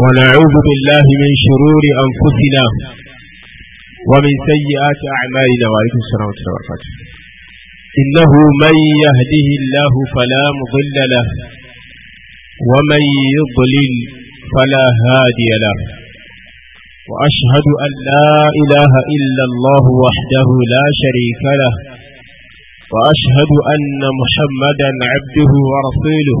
ونعوذ بالله من شرور أنفسنا ومن سيئات أعمالنا وعليكم السلام ورحمة الله وبركاته إنه من يهده الله فلا مضل له ومن يضلل فلا هادي له وأشهد أن لا إله إلا الله وحده لا شريك له وأشهد أن محمدا عبده ورسوله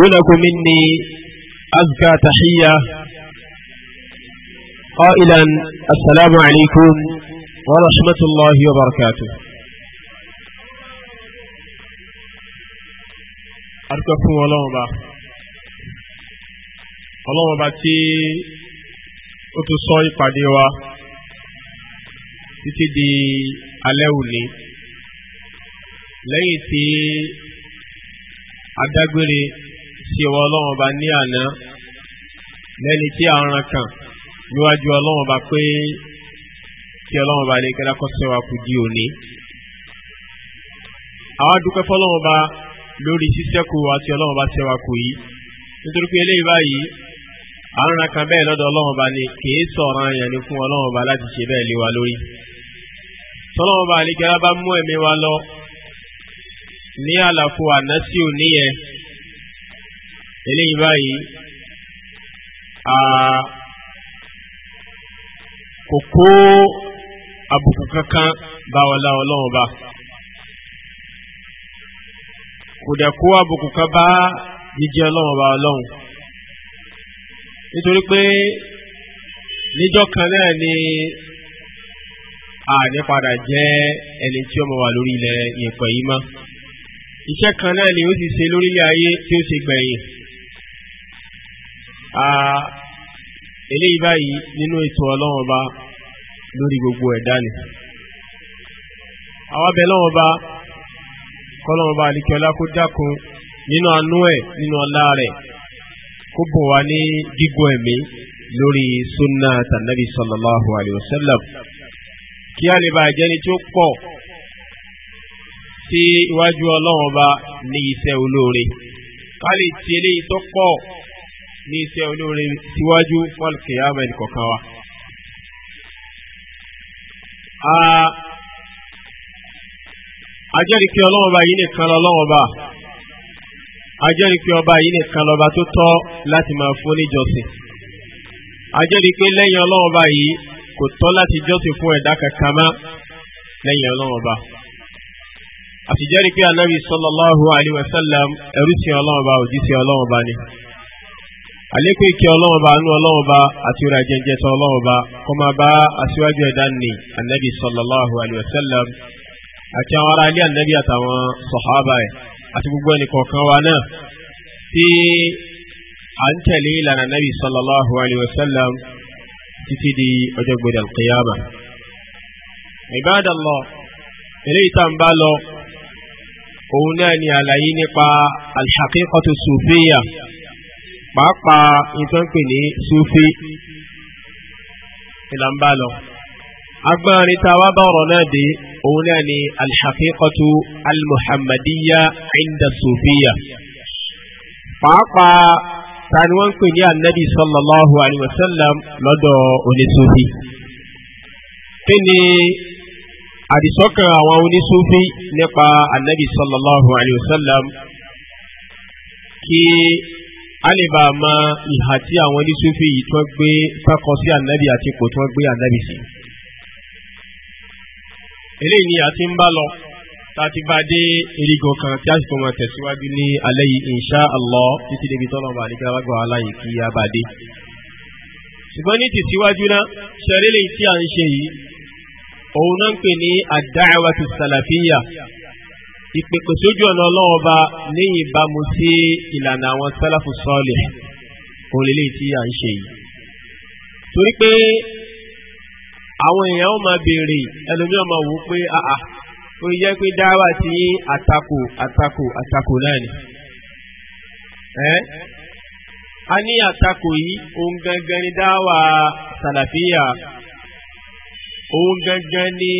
ولكم مني أزكى تحية قائلا السلام عليكم ورحمة الله وبركاته أركفوا الله با الله با تي أتصوي قديوة títí di alẹ́ òní sí ọwọ́ ọlọ́run ọba ní àná lẹ́ni tí a ran kan níwájú ọlọ́run ọba pé kí ọlọ́run ọba lè kẹ́lá kọ́sẹ́ wa kù di òní. àwa dúpẹ́ fọlọ́run ọba lórí sísẹ́kù àti ọlọ́run ọba sẹ́wà kù yìí nítorí pé eléyìí báyìí a ń ran bẹ́ẹ̀ lọ́dọ̀ ọlọ́run ọba ni kìí sọ̀rọ̀ àyàn ni fún ọlọ́run ọba láti ṣe bẹ́ẹ̀ lé wa lórí. tọ́lọ́run ọba àlekẹ́lá bá mú ẹ̀mí wa lọ ní àlàfo àná sí òní yẹn eléyìí báyìí kò kó àbùkù kankan bá wọn láwọn lọ́wọ́ bá kò dẹ̀ kó àbùkù kan bá jíjẹ́ ọlọ́wọ́ bá ọlọ́run nítorí pé níjọ́ kan náà ni àní padà jẹ́ ẹni tí ó mọ̀ wà lórí ilẹ̀ yẹ̀pẹ̀ yìí iṣẹ́ kan náà ni ó sì ṣe lórílẹ̀ ayé tí ó ṣe gbẹ̀yìn eléyìí báyìí nínú ètò ọlọ́run ọba lórí gbogbo ẹ̀dá ni àwọn abẹ lọ́wọ́ ọba kọ́lọ́run ọba àlìkẹ́ọ́lá kó dákun nínú àánú ẹ̀ nínú ọlá rẹ̀ kó bùn wá ní gígùn ẹ̀mí lórí sunna tànàbí sallallahu alayhi wa sallam kí a lè bá jẹ́ni tó pọ̀ sí iwájú ọlọ́run ọba ní iṣẹ́ olóore ká lè ti eléyìí tó pọ̀ n'isi iṣẹ́ olóore síwájú fọ́ọ̀lùkì yàmẹ́ nìkọ̀kan wa. ajẹ́rìí pé yìí nìkan pé ọba yìí nìkan lọ́ba tó tọ́ láti máa fún níjọsìn ajẹ́rìí pé lẹ́yìn ọlọ́wọ́n yi yìí kò tọ́ láti jọ́sìn fún ẹ̀dá kankan mọ́ lẹ́yìn pé àlékún ìkẹ́ ọlọ́run bá anú ọlọ́run bá àti ìrà jẹjẹ tán ọlọ́run bá kó máa bá aṣíwájú ẹ̀dá ní anabi sallallahu alayhi wa sallam àti àwọn ará ilé anabi àtàwọn sọ̀hábà ẹ̀ àti gbogbo ẹnìkọ̀ọ̀kan wa náà tí à ń tẹ̀lé ìlànà anabi sallallahu alayhi wa sallam títí di ọjọ́ gbọdọ̀ alqiyama. Ibadallah eléyìí tá à ń bá lọ òun náà ni àlàyé nípa alhaqiqatu sufiya pàápàá nǹkan pè ní sufi ìlànà lọ. agbárin tá a wá bá ọ̀rọ̀ náà dé òun náà ni alhaqiqatu almuhammadiya inda sufiya. pàápàá ta ni wọ́n ń pè ní anabi sallallahu alayhi wa sallam lọ́dọ̀ onísufi. kí ni àdìsọ́kàn àwọn onísufi nípa anabi sallallahu alayhi wa sallam kí a lè bá a mọ ìhà tí àwọn oníṣòfì yìí tí wọ́n gbé sákọ sí ànábì àti ipò tí wọ́n gbé ànábì sí. eléyìí ni a ti ń bá lọ tá a ti bá dé erigun kan tí a sì fọmọ tẹ̀síwájú ní alẹ́ yìí insha Allah títí débi tọ́lọ̀ bá nígbà wàgbọ́ aláyè kí a bá dé. ṣùgbọ́n ní ti náà ṣẹ̀rí lè tí a ń ṣe yìí òun náà ń pè ní ad-da'watu salafiyya ìpèpè sójú ọ̀nà ọlọ́wọ́ bá ní ìbámu sí ìlànà àwọn sálàfù sọ́ọ̀lì òun lè léyìí tí à ń ṣe yìí. torí pé àwọn èèyàn ó máa béèrè ẹlòmíràn máa wò ó pé àà ó yẹ pé dáwà tí àtakò àtakò àtakò náà ni. ẹ́ a ní àtakò yìí òun gangan ni dáwà sàlàfíà òun gangan ni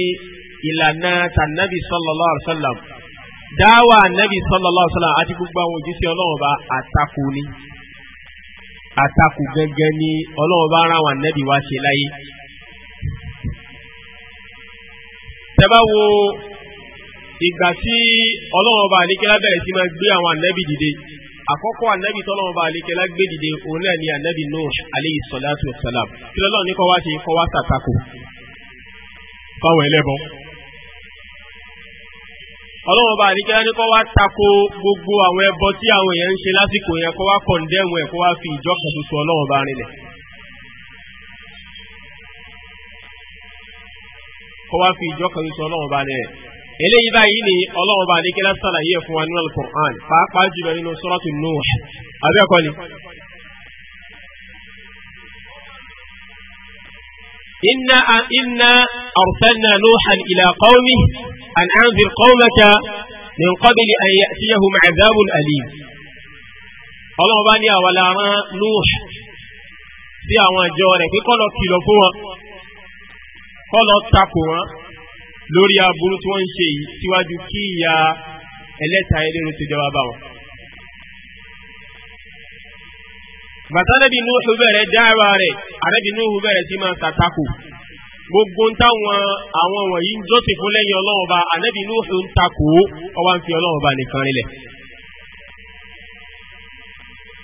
ìlànà tànàbì sallallahu alaihi wasallam. dáwà nabi sallallahu alaihi wasallam àti gbogbo àwọn òjíṣẹ́ ọlọ́run bá àtakò ni àtakò gẹ́gẹ́ ni ọlọ́run bá ráwọn nabi wá ṣe láyé. tẹ́bá wo ìgbà tí ọlọ́run bá àlékẹ́lá bẹ̀rẹ̀ sí máa gbé àwọn ànábì dìde àkọ́kọ́ ànábì tọ́lọ́run gbé dìde ni ànábì Nuh alayhi salatu wassalam kí lọ́lọ́run ní kọ́ wá ṣe kọ́ wá ṣàtakò fáwọn ẹlẹ́bọn. ọlọ́wọ́n bá àdíkẹ́lá ní kọ́ wá tako gbogbo àwọn ẹbọ tí àwọn èèyàn ń ṣe lásìkò yẹn kọ́ wá kọ̀ǹdẹ́mù ẹ̀ kọ́ wá fi ìjọ kan ṣoṣo bá rinlẹ̀ kọ́ wá fi ìjọ kan bá rinlẹ̀ eléyìí báyìí ni bá sàlàyé ẹ̀ fún wa nínú alukur'an ila qawmi. أن أنذر قومك من قبل أن يأتيهم عذاب أليم ọlọ́run bá ní àwọn lára Nuh sí àwọn ìjọ rẹ̀ pé kó lọ kìlọ̀ fún wọn kó lọ takò wọn lórí aburú tí wọ́n ń ṣe yìí síwájú kí ìyà ẹlẹ́ta ẹlẹ́rú tó jọba bá wọn. bàtà nẹ́bí Nuh bẹ̀rẹ̀ dáhàwá rẹ̀ àrẹ́bí Nuh bẹ̀rẹ̀ sí máa ṣàtakò gbogbo ń táwọn àwọn wọ̀nyí ń jọ́sìn fún ọba ànábì Nuhu ń takò ọwá ń fi ọlọ́run ọba nìkan rinlẹ̀.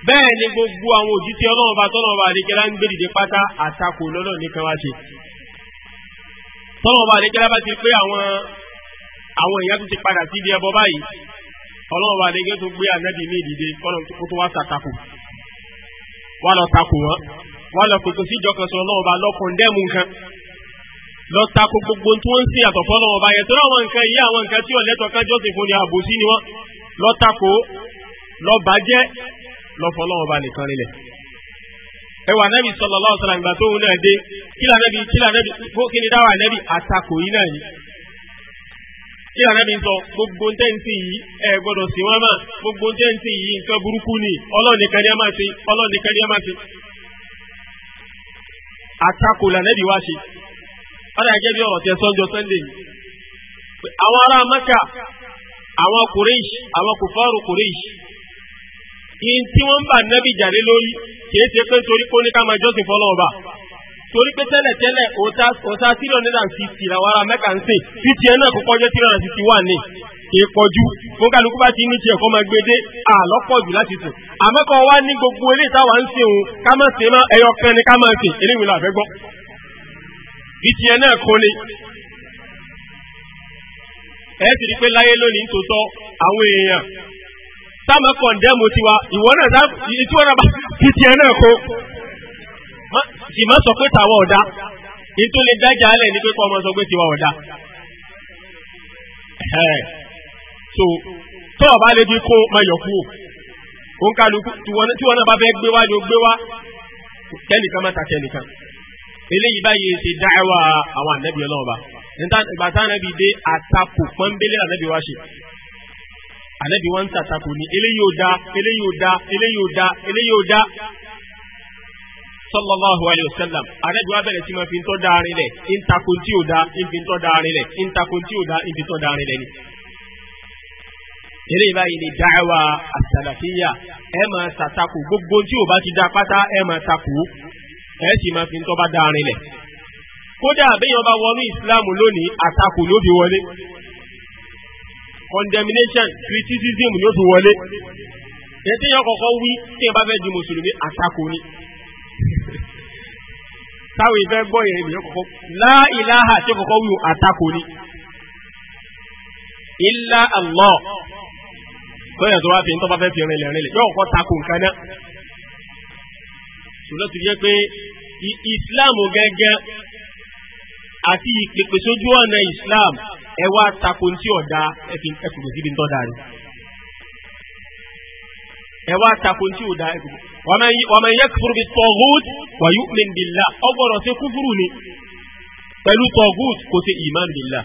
bẹ́ẹ̀ ni gbogbo àwọn òjíṣẹ́ ọlọ́run ọba tọ́lọ́run ọba àdékẹ́lá ń gbé dìde pátá àtakò lọ́lọ́run nìkan wá ṣe. tọ́lọ́run ọba àdékẹ́lá bá ti pé àwọn àwọn èèyàn tó ti padà báyìí ọlọ́run ọba àdékẹ́ lọ tako gbogbo tí wọ́n ń sìn àtọ̀ fọ́lọ́ wọn báyẹn torí àwọn nǹkan yìí àwọn nǹkan tí ọ̀lẹ́tọ̀ kan jọ́sìn fún ni àbòsí ni wọ́n lọ tako lọ bàjẹ́ lọ fọ́lọ́ wọn bá nìkan rinlẹ̀. ẹ wà nẹ́bi sallallahu alaihi wasallam ìgbà tó ń náà dé kílà nẹ́bi kílà nẹ́bi bó kí ni dáwà nẹ́bi àtakò yìí náà yìí. kílà nẹ́bi sọ gbogbo tẹ́ǹtì yìí ẹ gbọ́dọ̀ sí wọn mọ̀ gbogbo tẹ́ǹtì yìí nǹkan burúkú ni ọlọ́ọ̀nìkan ni a máa ṣe ọlọ́ọ̀nìkan ni a máa ṣe. àtakò lànẹ́bi wá ṣe. ọ̀rẹ́ àjẹ́ bí ọ̀rọ̀ tẹ sọ́jọ́ sunday àwọn ará mẹ́kà àwọn kùrẹ́ṣ àwọn kùfọ́ọ̀rù kùrẹ́ṣ yìí tí wọ́n ń bà jàre lórí kìí ṣe pé torí pé oníkà máa jọ́sìn fọlọ́ọ̀bà torí pé tẹ́lẹ̀tẹ́lẹ̀ ọ̀tá three hundred and sixty làwọn ará ń three hundred and ní ìpọ̀jù fún kálukú ti ní tiẹ̀ kọ́ máa gbé dé láti sùn àmọ́kọ̀ wá ní gbogbo eléyìí táwa ká má eléyìí ìtìyẹn náà kọ́ ni ẹ ti di pé láyé lónìí ń tòótọ́ àwọn èèyàn sáàmà kọ̀ǹdẹ́mù tiwa ìwọ náà sá ìtura náà bá ìtìyẹn náà kọ́ sì má sọ pé tàwa ọ̀dà ètò lè dájà alẹ̀ ní pé kọ́ ọmọ sọ pé tiwa ọ̀dà so tọ́ ọ̀bá lè fi kó máa yọ̀ kú o òǹkàlùkù tí wọn náà bá fẹ́ gbé wá ni ó gbé wá kẹ́nìkan má ta kẹ́nìkan eléyìí báyìí ṣe dáẹ́wà àwọn ànábì ọlọ́ọ̀ba ìgbà tá ànábì dé àtakò pọ́nbélé ànábì wá ṣe ànábì wọn ń tàtakò ní eléyìí ò da eléyìí ò da eléyìí ò da eléyìí ò da sallallahu alayhi wa sallam ànábì wa bẹ̀rẹ̀ sí ma fi ń tọ́ dáa rin lẹ̀ ń takò tí ò da ń fi ń tọ́ dáa rin lẹ̀ ń tí ò da ń fi tọ́ dáa lẹ̀ ni eléyìí báyìí ni dáẹ́wà àsàlàfíyà ẹ̀ máa tàtakò gbogbo tí ò bá ti da pátá ẹ̀ máa takò ẹ sì máa fi ń tọ́ba dá arin lẹ̀ kódà béèyàn bá wọnú ìsìláàmù lónìí àtakò ló fi wọlé condemnation criticism ló fi wọlé ẹtí yẹn kọ́kọ́ wí tí yẹn bá fẹ́ di mùsùlùmí àtakò ni táwọn ìfẹ́ gbọ́ yẹn ìbìyàn kọ́kọ́ láìláha tí kọ́kọ́ wí àtakò ni illa Allah lọ́yẹ̀ tó wá fi ń tọ́ bá fẹ́ fi rìnlẹ̀ rìnlẹ̀ yóò takò nǹkan náà ṣùgbọ́n ti jẹ́ pé islam gẹ́gẹ́ àti ìpèpè sójú ọ̀nà islam ẹ wá tako tí ọ̀dà ẹkùnkùn síbi ń tọ́da rẹ̀ ẹ wá tako tí ọ̀dà ẹkùnkùn wa man yakfur bit taghut wa yu'min billah ọgbọ́dọ̀ ṣe kúfúrú ni pẹ̀lú taghut kò ṣe iman billah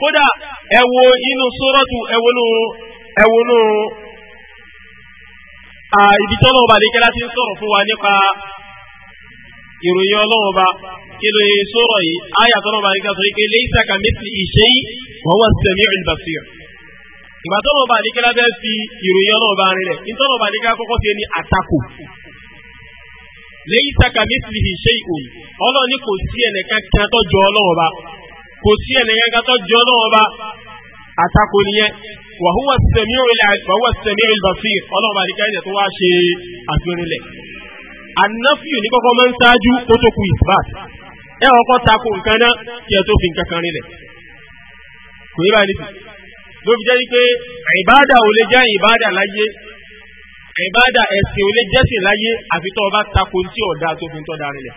kódà ẹ inú suratu ẹ wo ibi tí ọlọ́wọ́ bá lè kẹ́lá ti ń sọ̀rọ̀ fún wa nípa ìròyìn ọlọ́wọ́ bá kí ló yẹ sọ̀rọ̀ yìí ayà tọ́lọ́ bá lè kẹ́lá sọ pé laysa kamithlihi shay'un wa huwa as-sami'ul basir. ìgbà tọ́lọ́ bá lè kẹ́lá bẹ́ẹ̀ fi ìròyìn ọlọ́wọ́ bá rinlẹ̀ ìtọ́lọ́ bá lè kẹ́lá kọ́kọ́ ti ní àtakò. laysa kamithlihi shay'un ọlọ́run وهو السميع وهو السميع البصير ọlọ́run àdìgá ẹ̀jẹ̀ tó wá ṣe àfihànilẹ̀ anáfíù ní kọ́kọ́ máa ń ṣáájú kó tó ku isbat ẹ kọ́kọ́ tako nǹkan náà kí ẹ tó fi nǹkan kan rinlẹ̀ kò yí báyìí nìkan ló fi jẹ́ pé ìbáàdà ò lè jẹ́ ìbáàdà láyé ìbáàdà ẹ̀sìn ò lè jẹ́sìn láyé àfi tó o bá tako tí ọ̀dà tó fi ń tọ́ da rinlẹ̀.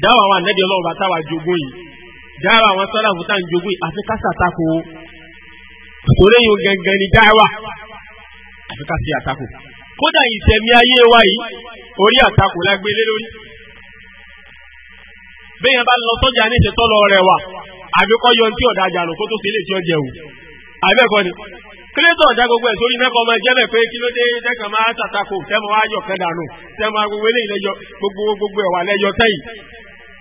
dáwà àwọn ànábì ọlọ́run bá táwa jogún yìí dáwà àwọn sọ́làfù tá o ń jogún yìí àfi ni dáwà àfi ká sí àtakò kódà ayé wa yìí orí àtakò la gbé lé lórí bẹ́yẹn bá lọ sọ́jà ní ìṣètọ́lọ rẹ̀ wà àbíkọ́ yọ ní tí ọ̀dà kó tó ṣe lè tí ọ kílẹ̀tọ̀ ọ̀já gbogbo ẹ̀ sórí mẹ́kọ̀ọ́ máa jẹ́bẹ̀ pé kí ló dé dẹ́kan máa tàtàkù tẹ́mọ̀ wá yọ̀ kẹ́ tẹ́mọ̀ agogo eléyìí lẹ́yọ gbogbo gbogbo ẹ̀wà lẹ́yọ tẹ́yì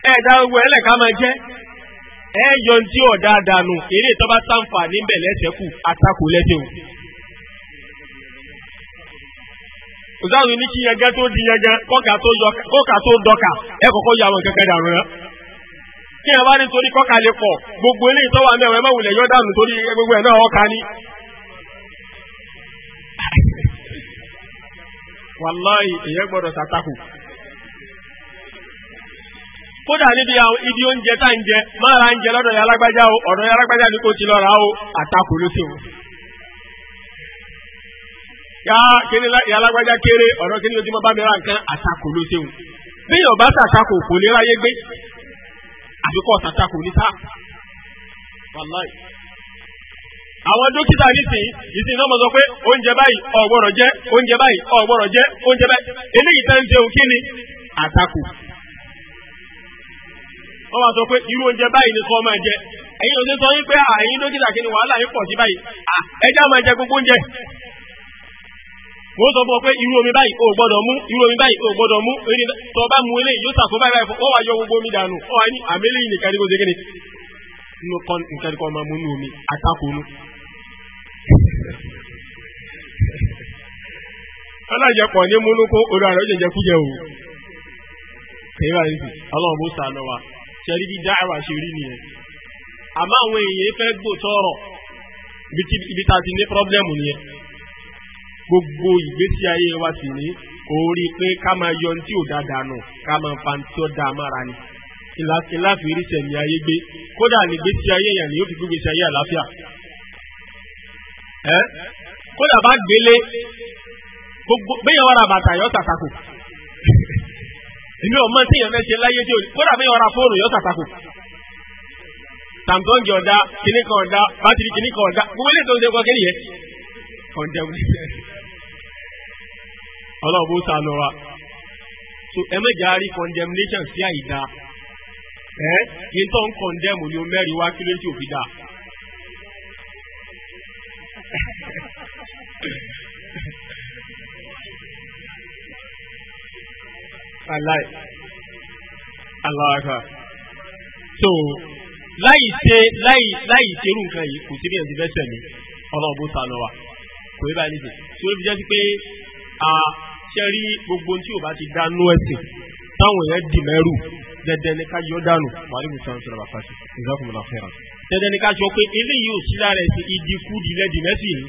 ẹ̀ẹ́dá gbogbo ẹ̀lẹ̀ ká máa jẹ́ ẹ̀yọ tí ọ̀dá dànù eré ìtọ́ba sáǹfà níbẹ̀ ní di wàláì èyẹ gbọdọ tàtàkù kódà níbi àwọn ibi oúnjẹ tá ń jẹ máa ra ń jẹ lọdọ ya alágbájá o ọdọ ya alágbájá ni kò ti lọ ra o ya kíni ya kéré ọdọ kíni ojú bá mi ra nǹkan àtakò ló sì bí yóò bá kò àwọn dókítà nísìnyí ìsìn náà mọ̀ sọ pé oúnjẹ báyìí ọ̀gbọ́dọ̀ jẹ oúnjẹ báyìí ọ̀gbọ́dọ̀ jẹ oúnjẹ báyìí eléyìí tẹ́ ń jẹun kí ni àtakò. wọ́n máa sọ pé irú oúnjẹ báyìí ni kọ́ máa jẹ ẹ̀yin ò ṣe sọ yín pé àyín dókítà kí ni wàhálà yín pọ̀ sí báyìí ẹjẹ́ máa jẹ gbogbo oúnjẹ. wọ́n sọ fún ọ pé omi báyìí ò gbọ́dọ̀ mú irú omi báyìí ò gbọ́dọ̀ mú alájẹpọ̀ ní múnúkó orí ààrẹ jẹjẹ kújẹ o kẹrìnà yìí ọlọ́run bó sànù wa ṣẹ́rí bí dáhàwá ṣe rí nìyẹn àmọ́ àwọn èèyàn fẹ́ gbò tọrọ ibi tá a ti ní pọ́blẹ́mù nìyẹn gbogbo ìgbésí ayé wa sì ní orí yọ ní tí ò dáadáa nù ká máa fa ní tí ó dáa mára ni ayé gbé kódà ní ayé yẹn ni gbogbo bẹ́yàn wàrà bàtà yọ tàtàkù èmi ò mọ tí èèyàn mẹ́sẹ̀ láyé tí ò kódà bẹ́yàn wàrà fóònù yọ tàtàkù tàǹtọ́ǹgì ọ̀dà kìnnì kan ọ̀dà bátìrì kìnnì kan ọ̀dà gbogbo ilé tó ń ṣe kọ́ ọ̀dà wuli ọlọ́run bó lọ wa so ẹ mẹ́jà rí condemnation sí àyíká ẹ kí n tó ń condemn ni o mẹ́rin wá kí aláì aláàkà so láì ṣe láì láì ṣerú nǹkan yìí kò sí bí ẹ̀sìn fẹ́sẹ̀ mi ọlọ́run bó sànù wa kò yẹ báyìí nìyẹn tí ó fi jẹ́ sí pé a ṣe rí gbogbo tí ò bá ti dánú ẹ̀sìn táwọn èèyàn dì mẹ́rù dẹ̀dẹ̀ ní ká yọ dànù wàhálà ìṣàn sọ̀rọ̀ bàbá sí ìzákùnmọ̀lá fẹ́ràn dẹ̀dẹ̀ ní ká sọ pé eléyìí ò sí lára ẹ̀sìn ìdínkù dìlẹ̀ dìmẹ́sì yìí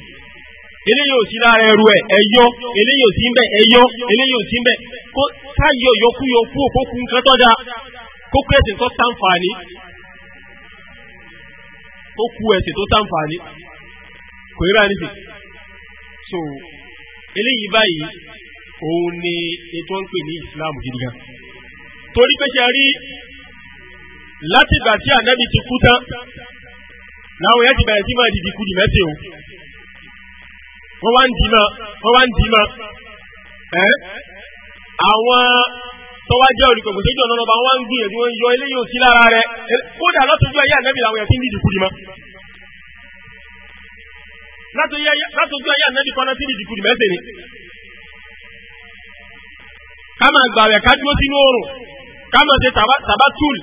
eléyìí ò sí lára ẹrú ẹ ẹyọ eléyìí ò sí ń bẹ ẹyọ eléyìí ò sí ń bẹ kó káyọ yọkúyọkú òkókù nǹkan tó dáa kó kú ẹsìn tó sàǹfààní kó kú ẹsìn tó sàǹfààní kò rí báyìí nìsín so eléyìí báyìí òun ni ètò ń pè ní Islam gidi gan torí pé ṣe rí látìgbà tí ànábì ti kú tán làwọn yẹn ti bẹ̀rẹ̀ sí máa dìdì kú dì mẹ́sìn o wọ́n wá ń dì mọ́ wọ́n wá ń dì mọ́ ẹ́ àwọn tọ́wá jẹ́ olùkọ́ kò séjì ọ̀nà ọba wọn ń gbìyànjú wọn yọ eléyìí òsì lára rẹ kódà látọjú ayé ànábì làwọn yẹn ti ń dìdì kúrì mọ́ látọjú ayé ànábì kan náà ti ń dìdì kúrì mẹ́sẹ̀ ni. ká máa gbàwẹ̀ ká dúró sínú oòrùn ká máa ṣe tabatul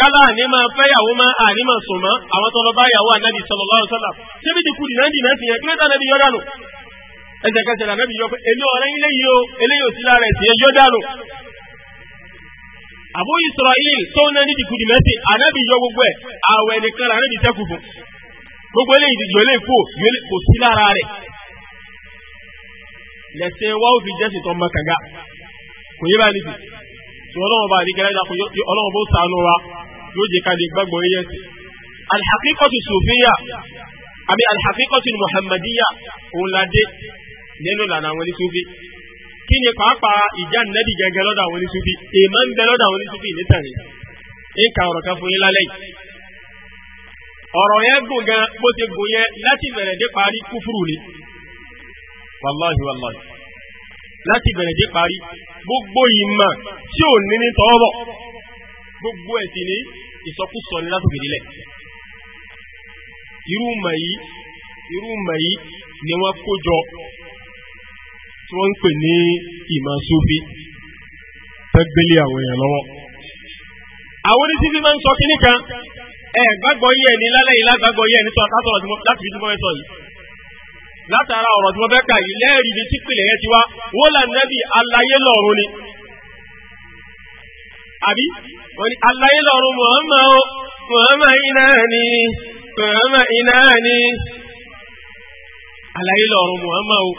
kálá àní máa fẹ́ yàwó máa àní máa sùn mọ́ àwọn tọ́lọ́ bá yàwó ànábì sallallahu alaihi wasallam ẹsẹ̀kẹsẹ̀ lànàbí yọ pé èmi ọ̀rẹ́ yín léyìí o eléyìí ò sí lára ẹ̀sìn ẹjọ́ dànù. Abu Israel tó ń náni dìkudì mẹ́sì ànábì yọ gbogbo ẹ̀ àwẹ̀ nìkan lànàbì sẹ́kù fún gbogbo eléyìí dìjọ eléyìí kú kò sí lára rẹ̀. lẹ́sìn wa ó jẹ́sìn tó mọ kànga kò yé bá níbi tí ọlọ́wọ́n bá nígbà yàtọ̀ ọlọ́wọ́n bó sànù wa yóò jẹ́ ká lè gbàgbọ́ yẹ́ sí. alhaqiqatu sufiya àbí alhaqiqatu muhammadiya òun la nínú ìlànà àwọn oníṣúfì kí ni pàápàá ìjà nẹ́bí gẹ́gẹ́ lọ́dọ̀ àwọn oníṣúfì èèmọ̀ ń bẹ lọ́dọ̀ àwọn oníṣúfì nítàní nǹkan ọ̀rọ̀ kan fún yín lálẹ́ yìí ọ̀rọ̀ yẹn gùn gan bó ti gùn yẹn láti bẹ̀rẹ̀ dé parí kúfúrú ni wàláhi wàláhi láti bẹ̀rẹ̀ dé parí gbogbo ìmọ̀ tí ò ní ní tọ́wọ́ gbogbo ẹ̀ sì ní ìsọkúsọ ní látòkè nílẹ̀ irú mọ̀ yìí irú mọ̀ yìí ni wọ́n kó jọ tí wọ́n ń pè ní ìmọ̀ sufi tẹ́gbélé àwọn èèyàn lọ́wọ́. àwọn oníṣíṣí máa ń sọ kínní kan ẹ gbàgbọ́ yẹ ni lálẹ́ yìí lágbàgbọ́ yẹ ni sọ̀rọ̀ láti fi tí mo fẹ́ sọ yìí. látara ọ̀rọ̀ tí mo fẹ́ kà yìí lẹ́ẹ̀rí ni tí pìlẹ̀ yẹn ti wá wọ́n là nẹ́bí alayé lọ́run ni. àbí wọ́n ní alayé lọ́run mọ̀ọ́mọ́ o mọ̀ọ́mọ́ iná ni mọ̀ọ́mọ́ iná ni alayé lọ́run mọ̀ọ́mọ́ o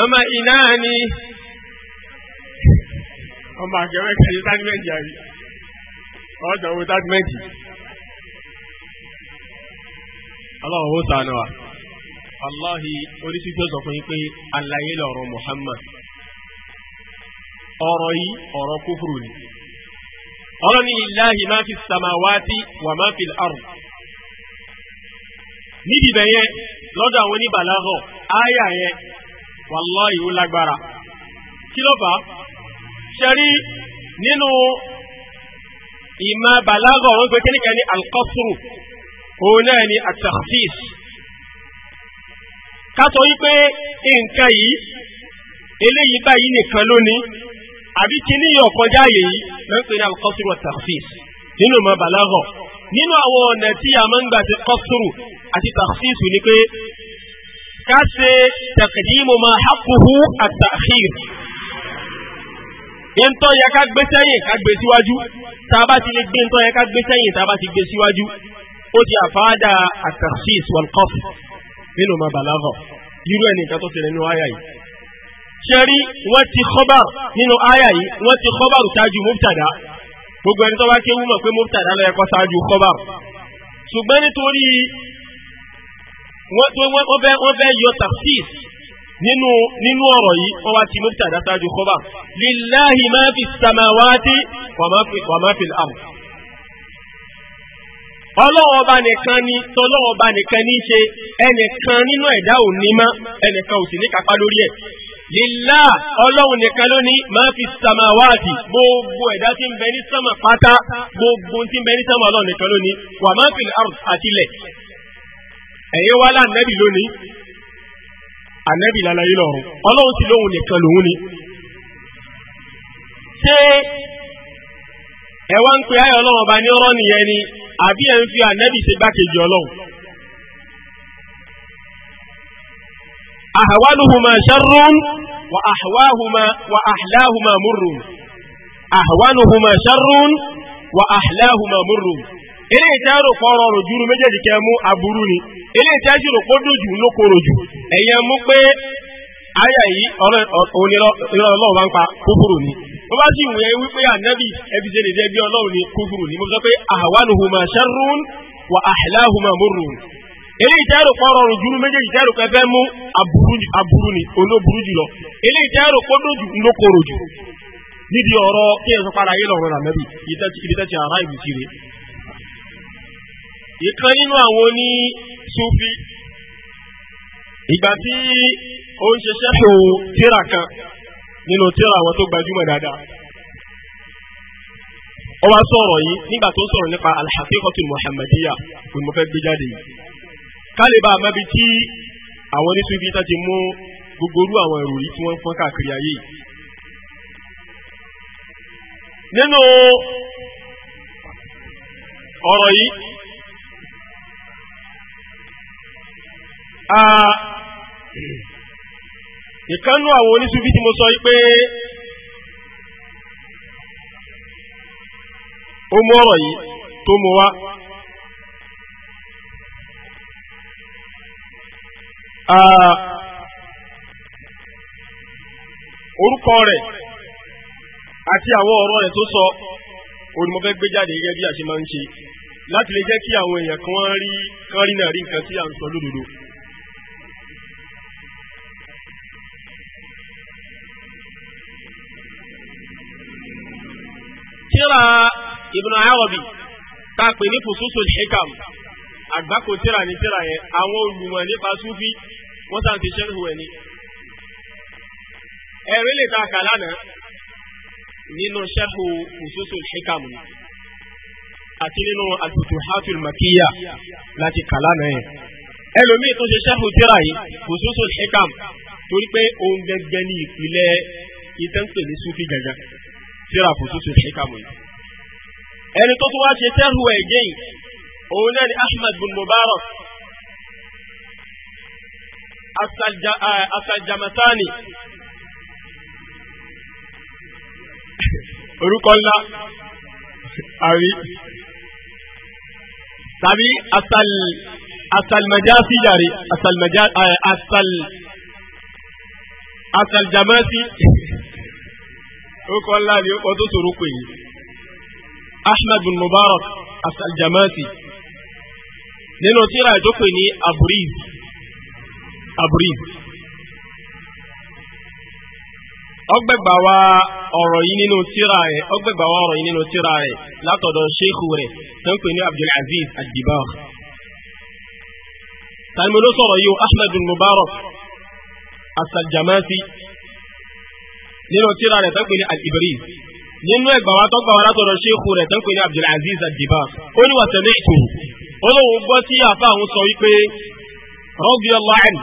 ọmọ iná ni ọmọ àgẹ́wẹ́kẹ́ yìí tágímẹ́ǹtì àrí ọ̀dọ̀ owó tágímẹ́ǹtì Allah ó sànù wa Allahi oríṣiríṣi sọ fún yín pé àlàyé lọ̀rọ̀ Muhammad ọ̀rọ̀ yìí ọ̀rọ̀ kúfùrù ni ọ̀rọ̀ ní ìláhi máa fi samawati wà máa fi àrùn níbi bẹ̀yẹn lọ́dọ̀ àwọn oníbàlágọ̀ áyà yẹn wàláhì ó lágbára kí ló fà á ṣẹ́rí nínú ìmọ̀ bàlágọ̀ wọn pé kíníkà ní alkọ́sùrù òun náà ni atakhsis ká sọ wípé nǹkan yìí eléyìí báyìí nìkan lónìí àbí kíní yọ kọjá àyè yìí ló ń pè ní alkọ́sùrù atakhsis nínú ìmọ̀ bàlágọ̀ nínú àwọn ọ̀nà tí a máa ń gbà ti kọ́sùrù àti takhsis ni pé ká ṣe taqdimu ma haqquhu at-ta'khir ntọ́ yẹ ká gbé sẹ́yìn ká gbé síwájú tá a bá ti lè gbé ntọ́ yẹ ká gbé sẹ́yìn tá a bá ti gbé síwájú ó ti àfáàdà at-takhsis nínú ma balagha irú ẹni nǹkan tó nínú àyà yìí. ṣẹ́rí wọ́n ti khabar nínú àyà yìí wọ́n ti khabar ṣáájú mubtada gbogbo ẹni tó bá kéwú pé mubtada ló yẹ kó ṣáájú khabar ṣùgbọ́n wọ́n fẹ́ wọ́n fẹ́ yọ tafsir nínú nínú ọ̀rọ̀ yìí wọ́n wá ti mọ́tà dásájú kọ́bà lillahi máa fi samawati wa máa fi al-ard. ọlọ́wọ́ ọba nìkan ni tọ́lọ́wọ́ ọba nìkan ní í ṣe ẹnìkan nínú ẹ̀dá ò ní mọ́ ẹnìkan ò sì ní kápá lórí ẹ̀. lílá ọlọ́run nìkan ló máa fi samawati gbogbo ẹ̀dá tí ń bẹ ní sánmà pátá gbogbo tí ń bẹ ní sánmà ọlọ́run nìkan ló ní máa fi al àtilẹ̀ ẹ̀yin wá lánàbì lónìí ànàbì lálàyé lọ́rùn ọlọ́run sì lóhun nìkan lòun ni. ṣé ẹ wá ń pe ayọ̀ ọlọ́run ọba ní ọ̀rọ̀ nìyẹn ni àbí ẹ̀ ń fi ànàbì ṣe gbákejì ọlọ́run. àhàwálùhùmá ṣarrún wà àhàwáhùmá wà àhàláhùmá múrùn àhàwálùhùmá ṣarrún wà àhàláhùmá múrùn. eléyìí tẹ́ rò pọ̀ rọrùn jùlọ méjèèjì kẹ́ mú aburú ni eléyìí tẹ́ jùlọ pọ̀ dojú ló korò jù ẹ̀yẹ mú pé àyà yìí bá ń pa kúkúrú ni wọ́n bá sì wẹ̀ wípé ànábì ẹbí ṣe lè bí ni kúkúrú ni mo sọ pé ahwanuhuma sharrun wa ahlahuma murrun eléyìí rò méjèèjì rò mú aburú ni eléyìí rò dojú ìkan nínú àwọn oní sufi ìgbà tí ó ń ṣe ṣẹ́fù tíra kan nínú tíra àwọn tó gbajúmọ̀ dáadáa ó wá sọ̀rọ̀ yìí nígbà tó ń sọ̀rọ̀ nípa alhaqiqatul muhammadiyya kò ní mo fẹ́ gbé jáde yìí kálíbà àmọ́bi tí àwọn oníṣubi tá ti mú gbogbo orú àwọn ìròyìn tí wọ́n ń fọ́n káàkiri ayé yìí. nínú ọ̀rọ̀ yìí ìkánú àwọn oníṣubí tí mo sọ yí pé ó mú ọ̀rọ̀ yìí tó mú wá. orúkọ rẹ̀ àti àwọn ọ̀rọ̀ rẹ̀ tó sọ òun ni mo gbé jáde gẹ́gẹ́ bí a ṣe máa ń ṣe láti lè jẹ́ kí àwọn èèyàn kan rí kan rí náà rí nǹkan tí Ibn Arabi tá a pè ní Fususul Hikam àgbákò tíra ní tíra yẹn àwọn olùmọ̀ nípa Súfí wọ́n sàn ti ṣẹ́nu ẹ̀ ní. ẹ̀rí lè ta kà lánàá nínú ṣẹ́hu Fususul Hikam ni àti nínú Al-Futuhatul Makiyya láti kà lánàá yẹn. ẹlòmíì tó ṣe ṣẹ́hu tíra yìí Fususul Hikam torí pé òun gẹ́gẹ́ ní ìpìlẹ̀ ìtẹ́ńpè ní Súfí gẹ́gẹ́ tíra Fususul Hikam yìí ẹni tó tún wá ṣe tẹ́rù ẹ̀ jẹ́ yìí òun náà ni Ahmad bin Mubarak asaljamatani orúkọ ńlá àrí tàbí asal asalmajasi jàre asalmajasi asal asaljamasi orúkọ ńlá ni ó kọ́ tó sòrò yìí ahmed bin mubarak asaljamati nínú tírà àjọpè ní aburiz aburiz ọgbẹgbà wa ọ̀rọ̀ yìí nínú tírà rẹ̀ ọgbẹgbà wa ọ̀rọ̀ yìí nínú tírà rẹ̀ látọ̀dọ̀ sheikhu rẹ̀ tó ń pè ní abdulaziz adibar tani ló sọ̀rọ̀ yìí o ahmed bin mubarak asaljamati nínú tírà rẹ̀ tó ń pè ní al nínú ẹgbà wa tọ́gbà wa látọ̀dọ̀ ṣéèkù rẹ̀ tó ń pè ní Abdulaziz adiba ó ní wàtẹ̀lé ètò ó lóun gbọ́ tí àfa àwọn sọ wípé radiyallahu anhu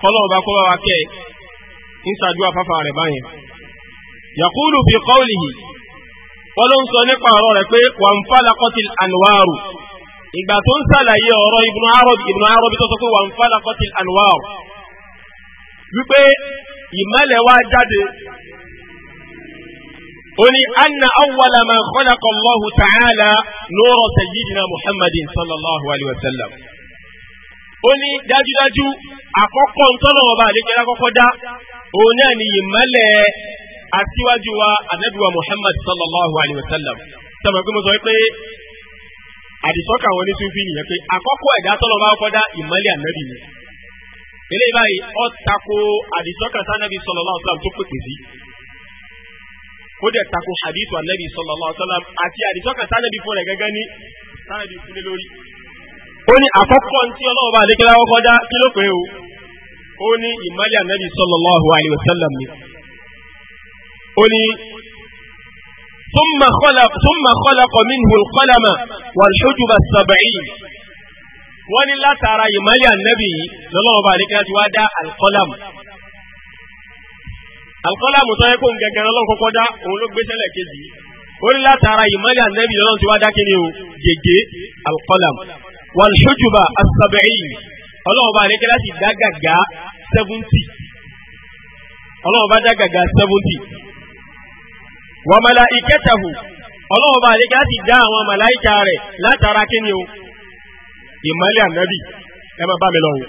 kọ́lọ́wọ́ bá kọ́lọ́wọ́ akẹ́ ń ṣáájú afáfá rẹ̀ báyẹn. yaqulu fi qawlihi wọ́n ló ń sọ nípa ọ̀rọ̀ rẹ̀ pé wà ń falaqatil anwaru ìgbà tó ń sàlàyé ọ̀rọ̀ Ibn Arabi Ibn Arabi tó sọ pé wà ń falaqatil anwaru wípé ìmọ̀lẹ̀ wá jáde oni anna awwala man khalaqa allah ta'ala nuru sayyidina muhammadin sallallahu alaihi wasallam oni dájúdájú àkọ́kọ́ ntọ́nà ọba àdékẹ́lá kọ́kọ́ dá òun náà ni ìmọ̀lẹ̀ àtiwájú wa anabiwa muhammad sallallahu alaihi wasallam sọ̀rọ̀ pé mo sọ pé àdìsọ́kà wọn ní sunfin nìyẹn pé àkọ́kọ́ ẹ̀dá tọ́nà ọba kọ́kọ́ dá ìmọ̀lẹ̀ ànábì ni eléyìí báyìí ó tako àdìsọ́kà sanabi sallallahu alaihi wasallam tó ó dẹ̀ tako hadith wa nabi sallallahu alaihi wa sallam àti àdìsọ́kà sanabi fún rẹ̀ gẹ́gẹ́ ní sanabi fún lórí. ó ní àkọ́kọ́ ntí ọlọ́run bá lékelá kọ́kọ́ dá kí ló pé o ó ní ìmọ̀lẹ́ ànábì sallallahu alaihi wa sallam ni. ó ní thumma khalaq thumma khalaqa minhu al-qalama wal-hujub as wọ́n ní látara ìmọ̀lẹ́ ànábì yìí bá lékelá ti wá dá al àlùkọ́lá àmùtọ́ yẹ kó ń gẹ̀gẹ̀rẹ̀ ọlọ́run kọ́kọ́ dá òun ló gbé sẹ́lẹ̀ kejì ó ní látara ìmọ̀lẹ̀ ànẹ́bí ọlọ́run ti wá dá kíni o gègé àlùkọ́lá wàlúṣọ́jùbà àsàbẹ̀yìn ọlọ́run bá àlékẹ́ láti dá gàgà sẹ́fúntì ọlọ́run bá dá gàgà sẹ́fúntì wàmàlà ìkẹtàhù ọlọ́run bá àlékẹ́ láti dá àwọn màláìkà rẹ̀ látara kíni o ìmọ̀lẹ̀ ànẹ́bí ẹ má bá mi lọ wò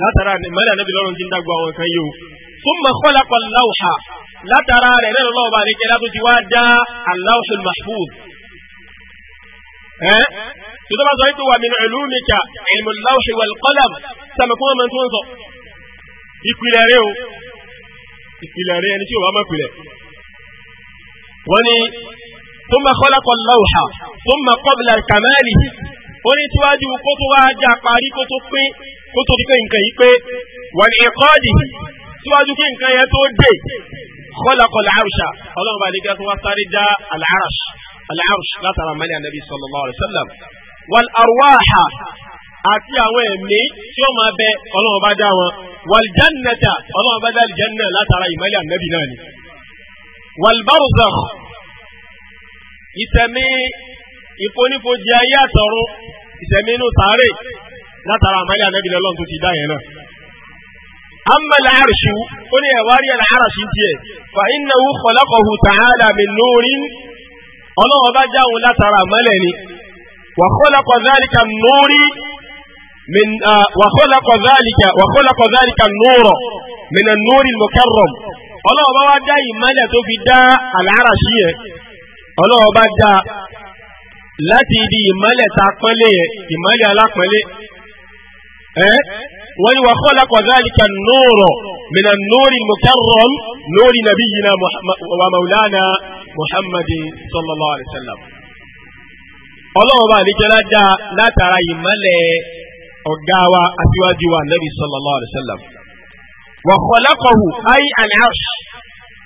látara ìmọ̀lẹ̀ ànẹ́bí lọ́run ti ń dágbọ́ àwọn kan yìí o. ثم خلق اللوحة لا ترى رأينا الله بارك لا تتواجى اللوح المحفوظ ها يتبع زيت ومن علومك علم اللوح والقلم سمكوا من تنظر ìpìlẹ̀ rẹ̀ o ìpìlẹ̀ rẹ̀ ẹni tí ò bá ثم خلق اللوحة ثم قبل الكمال وني ní tíwájú kó tó wá já parí kó tó síwájú kí nǹkan yẹn tó dé khalaqal arsha ọlọ́run bá nígbà tó wá sáré dá al-arsh al-arsh látara mẹ́lẹ̀ anabi sallallahu alayhi wa sallam wal arwaha àti àwọn ẹ̀mí tí ó máa bẹ ọlọ́run bá dá wọn wal jannata ọlọ́run bá dá al-janna látara ìmẹ́lẹ̀ anabi náà ni wal barzakh ìtẹ̀mí ìfonífojì ayé àtọ̀run ìtẹ̀mí inú sáré látara àmàlẹ́ ànábìlẹ̀ ọlọ́run tó ti dá yẹn náà. أما العرش قل يا واري العرش انت فإنه خلقه تعالى من نور الله بجاء لا ترى ملني وخلق ذلك النور من آه وخلق ذلك وخلق ذلك النور من النور المكرم الله بجاء ملا في داء العرش الله بجاء láti di ìmọ́lẹ̀ ta pọ́nlé yẹn ìmọ́lẹ̀ alápọ́nlé wọ́n wà kọ́lá kọ̀dáríkà nóòrọ̀ mìnà nóòrì mọ̀kẹ́rọ̀m nóòrì nàbí yìí wa maulana muhammadu sallallahu alaihi wasallam. ọlọ́run bá níjẹ́ ládá látara ìmọ̀lẹ̀ ọ̀gá wa aṣíwájú wa nàbí sallallahu alaihi wasallam. wà kọ́lá kọ̀hù ayé àlàáṣì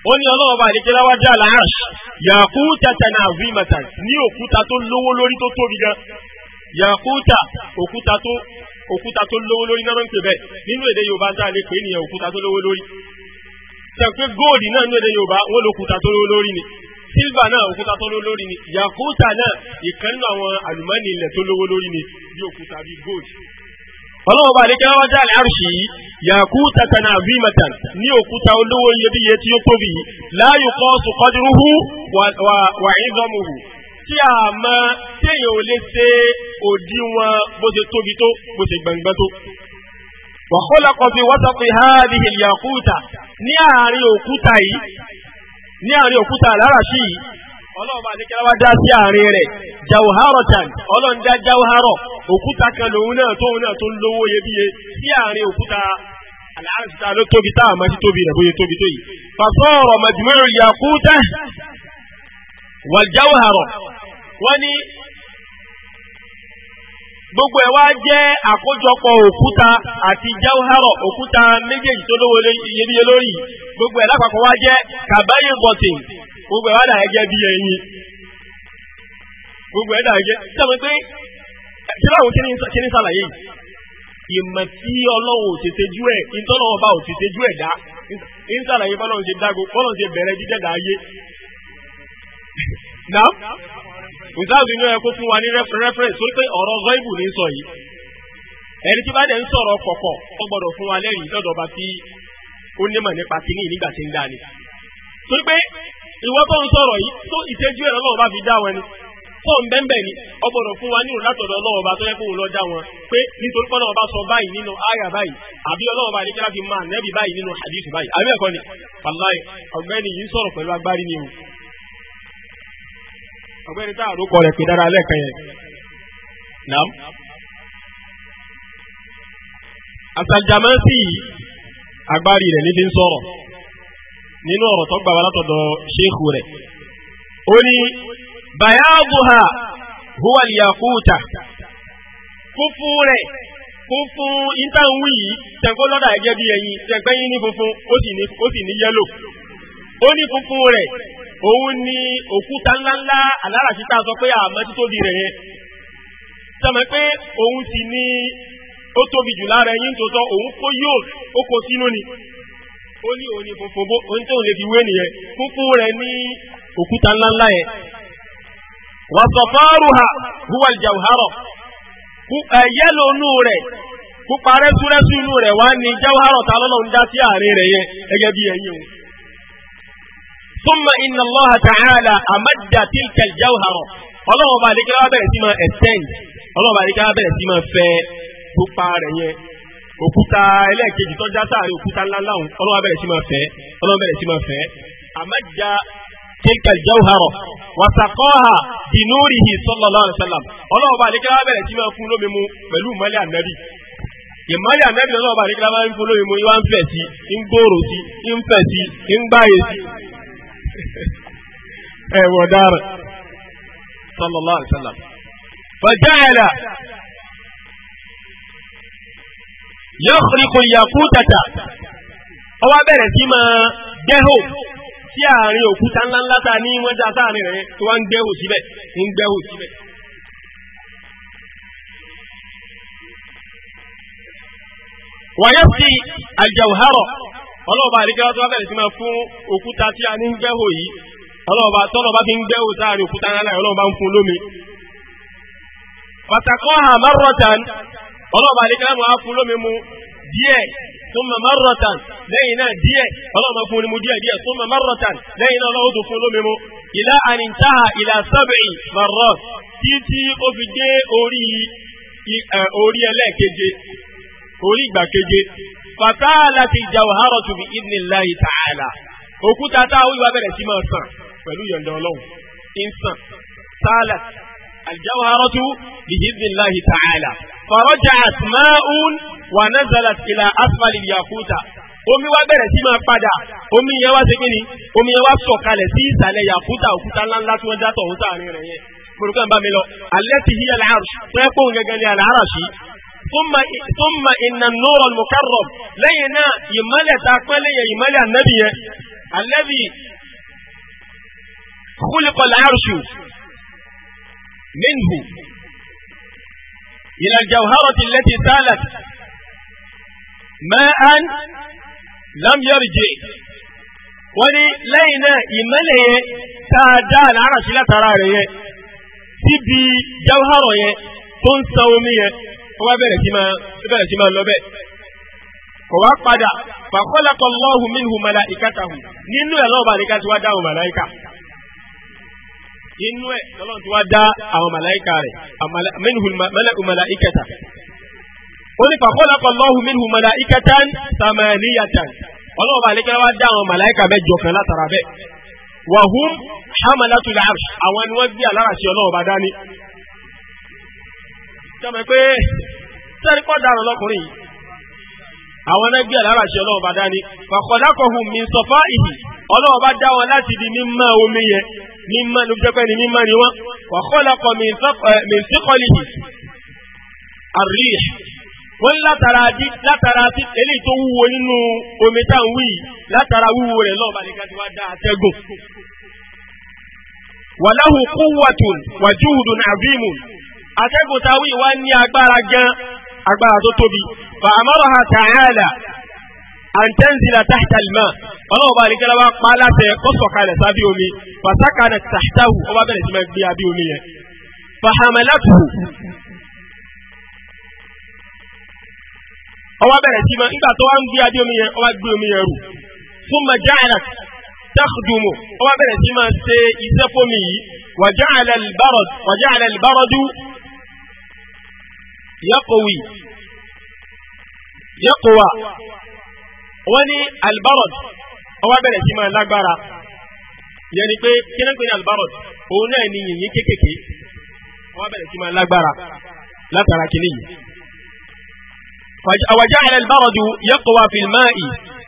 ó ní ọlọ́run bá níjẹ́ láwá dá àlàáṣì yàkúta tana àzúmọ̀tà ní òkúta tó lówó lórí tó tóbi gan yàkúta òkúta òkúta tó lówó lórí náà ń pè bẹ́ẹ̀ nínú èdè Yorùbá tá a lè pè é nìyẹn òkúta tó lówó lórí sẹpẹ góòdì náà nínú èdè Yorùbá wọn lò òkúta tó lówó lórí ni sílvà náà òkúta tó lówó lórí ni yàkúta náà ìkan nínú àwọn àlùmọ́nì ilẹ̀ tó lówó lórí ni bí òkúta bí góòdì ọlọ́wọ́ bá àdékẹ́ wá jáde àrùsì yìí yàkúta tana abimatan ní òkúta olówó iyebíye tí ó tóbi láàyò kọ́ tí a mọ téèyàn ò lè ṣe òdiwọ̀n bó ṣe tóbi tó bó ṣe gbàngbà tó. wa khalaqa fi wasati hadhihi al-yaquta ní àárín òkúta yìí ní àárín òkúta aláràṣí yìí ọlọ́run bá dékẹ́lá wá dá sí àárín rẹ̀ jawharatan ọlọ́run dá jawharọ̀ òkúta kan lòun náà tóun náà tó ń lówó iyebíye sí àárín òkúta aláàrùsíta ló tóbi tá àmọ́ sí tóbi rẹ̀ bóyá tóbi tó yìí. fasọ́ọ̀rọ̀ majmu'ul yaquta wal jawharah wọ́n ní gbogbo ẹ̀ wá jẹ́ àkójọpọ̀ òkúta àti jauharo òkúta méjèèjì tó lówó gbogbo ẹ̀ lápapọ̀ wá jẹ́ kàbáyé bọ̀tìn gbogbo ẹ̀ wá dàá jẹ́ bí ẹyin gbogbo ẹ̀ dà jẹ́ sọ̀rọ̀ pé kí ni sàlàyé ìmọ̀ tí jú ẹ̀ bá jú ẹ̀ dá bọ́lọ̀ ń ṣe dágo bọ́lọ̀ ń ṣe bẹ̀rẹ̀ jíjẹ́ without ndị ẹ kó fún wa ní reference torí ọ̀rọ̀ gọ́ìbù ní sọ yìí ẹni tí bá dẹ̀ ń sọ̀rọ̀ kọ̀kọ̀ ó gbọ́dọ̀ fún wa lẹ́yìn lọ́dọ̀ ọba tí ó nímọ̀ nípa kínní nígbà tí ń dá ni torí pé ìwọ tó ń sọ̀rọ̀ yìí tó ìṣẹ́jú ẹ̀rọ lọ́wọ́ bá fi dá wọn ni tó ń ni ó gbọ́dọ̀ fún wa nírò látọ̀dọ̀ lọ́wọ́ tó yẹ ọ̀gbẹ́ni tá àròkọ rẹ̀ pé dára lẹ́ẹ̀kan yẹn. Nàám. Àsàjàmẹ́sì agbárí rẹ̀ ní ń sọ̀rọ̀ nínú ọ̀rọ̀ tó gbà wá látọ̀dọ̀ ṣéèkù rẹ̀. Ó ní Bayaguha huwa funfun rẹ̀ funfun intanwi yìí tẹ̀kọ́ lọ́dà gẹ́gẹ́ bí ẹyin tẹ̀pẹ́yìn ní funfun ó sì ní yẹ́lò. Ó ní funfun rẹ̀ òun ni òkúta ńláńlá aláràtí tá a sọ pé àmọ́ títóbi rẹ̀ yẹn sọmọ pé òun sì ni ó tóbi jù lára ẹyin tó sọ òun kó yóò ó kó sínú ni ó ní òun ni funfun bó ohun tó lè fi wé nìyẹn kúkún rẹ̀ ní òkúta ńláńlá yẹn wàsọfọ́rùhà huwal jawhara yẹ́lò inú rẹ̀ kúpa inú rẹ̀ wá ní ń dá sí àárín rẹ̀ thumma inna Allah ta'ala amadda tilka al-jawhara ọlọ́wọ́n bá adékẹ́lá bẹ̀rẹ̀ sí máa extend ọlọ́wọ́n bá adékẹ́lá bẹ̀rẹ̀ sí máa fẹ́ pupa rẹ̀ yẹn òkúta ẹlẹ́ẹ̀kejì tó já sáàrin òkúta ńláńlá ọlọ́wọ́n bẹ̀rẹ̀ sí máa fẹ́ ọlọ́wọ́n bẹ̀rẹ̀ sí máa fẹ́ amadda tilka al-jawhara wasaqaha bi nurihi sallallahu alaihi wasallam ọlọ́wọ́n bá adékẹ́lá bẹ̀rẹ̀ sí máa fún lómi ẹ̀wọ̀ eh, dára sallallahu alaihi wa sallam. فجعل يخرق الياقوتة ó wá bẹ̀rẹ̀ sí máa gbẹ́hò sí àárín òkúta ní wọ́n já wá ń ويسقي ọlọ́ọ̀bá àríkẹ́lá tó bá bẹ̀rẹ̀ sí máa fún òkúta tí a ní ń gbẹ́hò yìí ọlọ́ọ̀bá tọ́lọ́ọ̀bá fi ń gbẹ́hò sáàrin òkúta náà ọlọ́ọ̀bá ń fún lómi. pàtàkọ́ ha márọ̀tàn ọlọ́ọ̀bá àríkẹ́lá máa fún lómi mu díẹ̀ tó mọ̀ márọ̀tàn lẹ́yìn náà díẹ̀ ọlọ́ọ̀bá fún mu díẹ̀ díẹ̀ tó mọ̀ márọ̀tàn lẹ́yìn náà ọlọ́wọ́ fún lómi mu ìlà àníntàhà ìlà sábẹ̀ì márọ̀ títí ó fi dé orí ẹlẹ́ẹ̀keje orí ìgbà fàtàlà ti jàwárọ̀ tùbí ìdínláyì tààlà òkúta tá a ó yíwá bẹ̀rẹ̀ sí máa sàn pẹ̀lú yọ̀ǹda ọlọ́run ń sàn tààlà الجوهرة بإذن الله تعالى فرجعت ماء ونزلت إلى أسفل الياقوت omi wa bẹ̀rẹ̀ sí máa padà omi yẹn wá ṣe ni omi yẹn wá sọ̀kalẹ̀ sí ìsàlẹ̀ yàkúta òkúta ńláńlá tí wọ́n já tọ̀hún sáàrin rẹ̀ yẹn kúrúkà bá mi lọ alẹ́ ti hí ثم ثم ان النور المكرم لينا يملا تاكمله يملا النبي الذي خلق العرش منه إلى الجوهرة التي سالت ماء لم يرجع ولي لينا يملا تادا العرش لا تراري سبي جوهرة تنسومية ó wá bẹ̀rẹ̀ sí máa ó bẹ̀rẹ̀ sí máa lọ bẹ́ẹ̀ kò wá padà fàkọ́lákọ Allahu minhu malaikatahu nínú ẹ̀ lọ́wọ́ màláìka ti wá dá àwọn màláìka inú ẹ̀ lọ́wọ́ ti wá dá àwọn màláìka rẹ̀ minhu mala'u malaikata ó ní fàkọ́lákọ Allahu minhu malaikatan samaniyatan ọlọ́wọ́ ọlọ́wọ́ sẹ́rí pọ́ dànù lọ́kùnrin yìí àwọn ẹgbẹ́ lára ṣe ọlọ́run bá dání fàkọ̀dákọ̀hùn mi sọ fá ìhì ọlọ́run bá dá wọn láti di mímọ́ omi yẹn mímọ́ ló jẹ́ pé ni mímọ́ ni wọ́n wàkọ́lákọ̀ mi síkọ́lìhì àríyè wọ́n látara dí látara sí eléyìí tó wúwo nínú omi tá à ń wí yìí látara wúwo rẹ̀ lọ́wọ́ bá nìkan wá dá atẹ́gùn. wàláhùn kúwàtùn wàjúùdùn àbímù atẹ́gùn táwí wá ní agbára gan-an agbára tó tóbi fa amaraha ta'ala an tanzila tahta alma ọlọ́wọ́ bá àríkẹ́lá wá pa láti ẹ̀kọ́ sọ̀kalẹ̀ sábí omi fa sakanat tahtahu ọba bẹ̀rẹ̀ sí máa gbé abí omi yẹn fa hamalatu ọba bẹ̀rẹ̀ sí máa nígbà tó wá ń gbé abí omi yẹn ọba gbé omi yẹn rù thumma ja'alat takhdumu ọba bẹ̀rẹ̀ sí máa ṣe iṣẹ́ fómi yìí wa ja'ala al yaqwi yaqwa wọ́n ní albarod ọwọ́ abẹ́rẹ́ sí máa lágbára yẹni pé kíni pé ní albarod òun náà ní yìnyín kékèké ọwọ́ abẹ́rẹ́ sí máa lágbára látara kíni yìí. àwàjá ẹ̀rẹ́ albarod yaqwa fil ma'i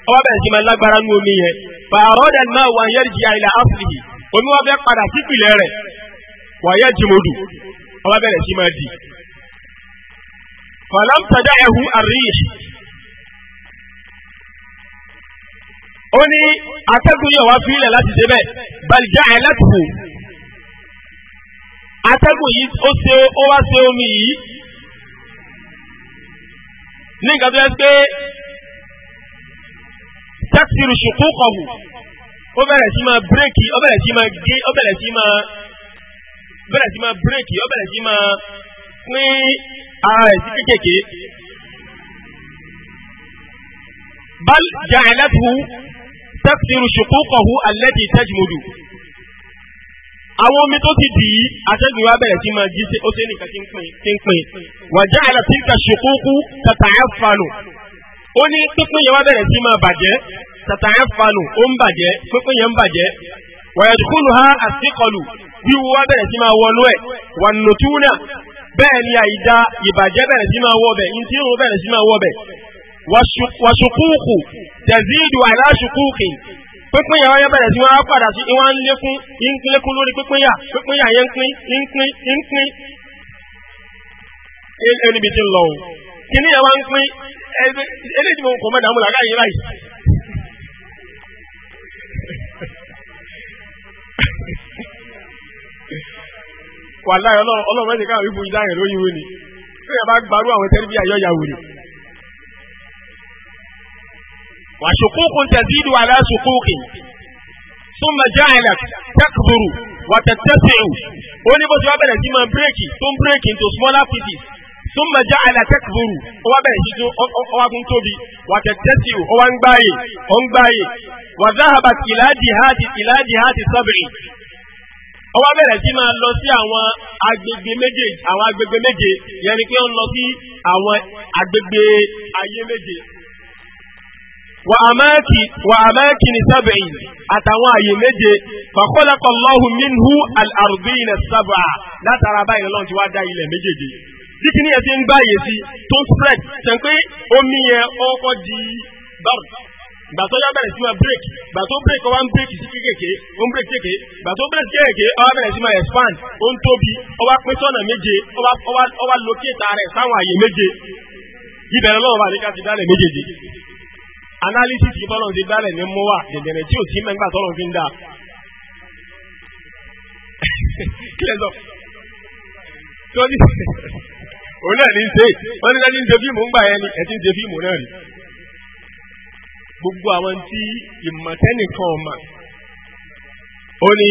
ọwọ́ abẹ́rẹ́ sí máa lágbára nú omi yẹn fàárọ̀dà náà wà yarji'a ila aslihi omi wọn fẹ́ padà sípìlẹ̀ rẹ̀ wà yẹ jimodu ọwọ́ abẹ́rẹ́ sí máa dì falam tada'ahu ar-rih ó ní atẹ́gùn yóò wá fílẹ̀ láti ṣe bẹ́ẹ̀ bal ja'alathu atẹ́gùn yìí ó ṣe ó wá ṣe omi yìí ní nǹkan tó yẹ pé tẹ́sírù ṣùkú kọ̀wù ó bẹ̀rẹ̀ sí máa bírèkì ó bẹ̀rẹ̀ sí máa gé ó bẹ̀rẹ̀ sí máa bírèkì ó bẹ̀rẹ̀ sí máa pín ara ah, rẹ̀ sí kékèké bal ja'alatu tẹ́sìrù ṣòkókọ̀hu alẹ́dì tẹ́jìmọ́dù àwọn omi tó ti dì í atẹ́gùn wa bẹ̀rẹ̀ sí máa jí sí ó sì nìkan tí ń pin tí ń pin wa ja'ala tilka ṣòkókù ó ní pínpín yẹn wa bẹ̀rẹ̀ sí máa bàjẹ́ tata'affalu ó ń bàjẹ́ pínpín yẹn ń bàjẹ́ wa yadkhuluha àsìkọlù wíwu wa bẹ̀rẹ̀ sí máa wọnú ẹ̀ wà nùtúnà bẹ́ẹ̀ ni àìda ìbàjẹ́ bẹ̀rẹ̀ sí máa wọ̀ bẹ̀ ntí òun bẹ̀rẹ̀ sí máa wọ̀ bẹ̀ wàṣùkúùkù tẹ̀síìdù àìláṣùkúùkì pínpín yà wáyé bẹ̀rẹ̀ sí wọn á padà sí ń lékún lórí pínpín yà pínpín yà yẹn lọ o kìnìyà wá ń pín wà láyé ọlọ́run mẹ́sẹ̀ káwọn ìbò ìdáyẹ̀ lórí ìwé ni tí yẹn bá gbarú àwọn tẹ́lifí àyọ̀yà wò ni. wà ṣùkúkùn tẹ̀sídù àlá ṣùkúkì súnmọ̀ jáàlẹ̀ tẹ́kùrù wà tẹ̀tẹ́sẹ̀ù ó ní bó ti wá bẹ̀rẹ̀ sí máa bírèkì tó ń bírèkì into smaller pieces súnmọ̀ jáàlẹ̀ tẹ́kùrù ó wá bẹ̀rẹ̀ sí ọwá kún tóbi wà tẹ̀tẹ́sẹ̀ù ó wá ń gbáyè ó wá bẹ̀rẹ̀ sí máa lọ sí àwọn agbègbè méje àwọn agbègbè méje yẹn ni pé ó ń lọ sí àwọn agbègbè ayé méje. wà á mẹ́kì wà á mẹ́kì ní sábẹ̀yìn àtàwọn àyè méje fàkọ́lẹ́kọ̀ lọ́hùn minhu al-arbina sábà látara báyìí lọ́n ti wá dá ilẹ̀ méjèèjì. títí ní ti ń gbáyè sí tó spread sẹ́ńpé omi yẹn ọkọ̀ di báwò gbà tó yá bẹ̀rẹ̀ sí máa break gbà break ọwá ń break sí kékèké ó ń break kéke gbà tó break kékèké ọwá bẹ̀rẹ̀ sí máa expand ó ń tóbi ọwá pín sọ́nà méje ọwá locate rẹ̀ sáwọn àyè méje ìbẹ̀rẹ̀ lọ́wọ́ bá nígbà ti dálẹ̀ méjèèjì analysis yìí bọ́lọ̀ ti dálẹ̀ ní mú wa dẹ̀dẹ̀rẹ̀ tí ò sí mẹ́gbà tọ́lọ̀ fi ń dà kílẹ̀ sọ òun náà ní í ṣe wọ́n ní ń ṣe fíìmù ń gbà yẹn ni ẹ̀ ti ń ṣe fíìmù náà rí gbogbo àwọn tí ìmọ̀tẹ́nìkan ọ̀mà ó ní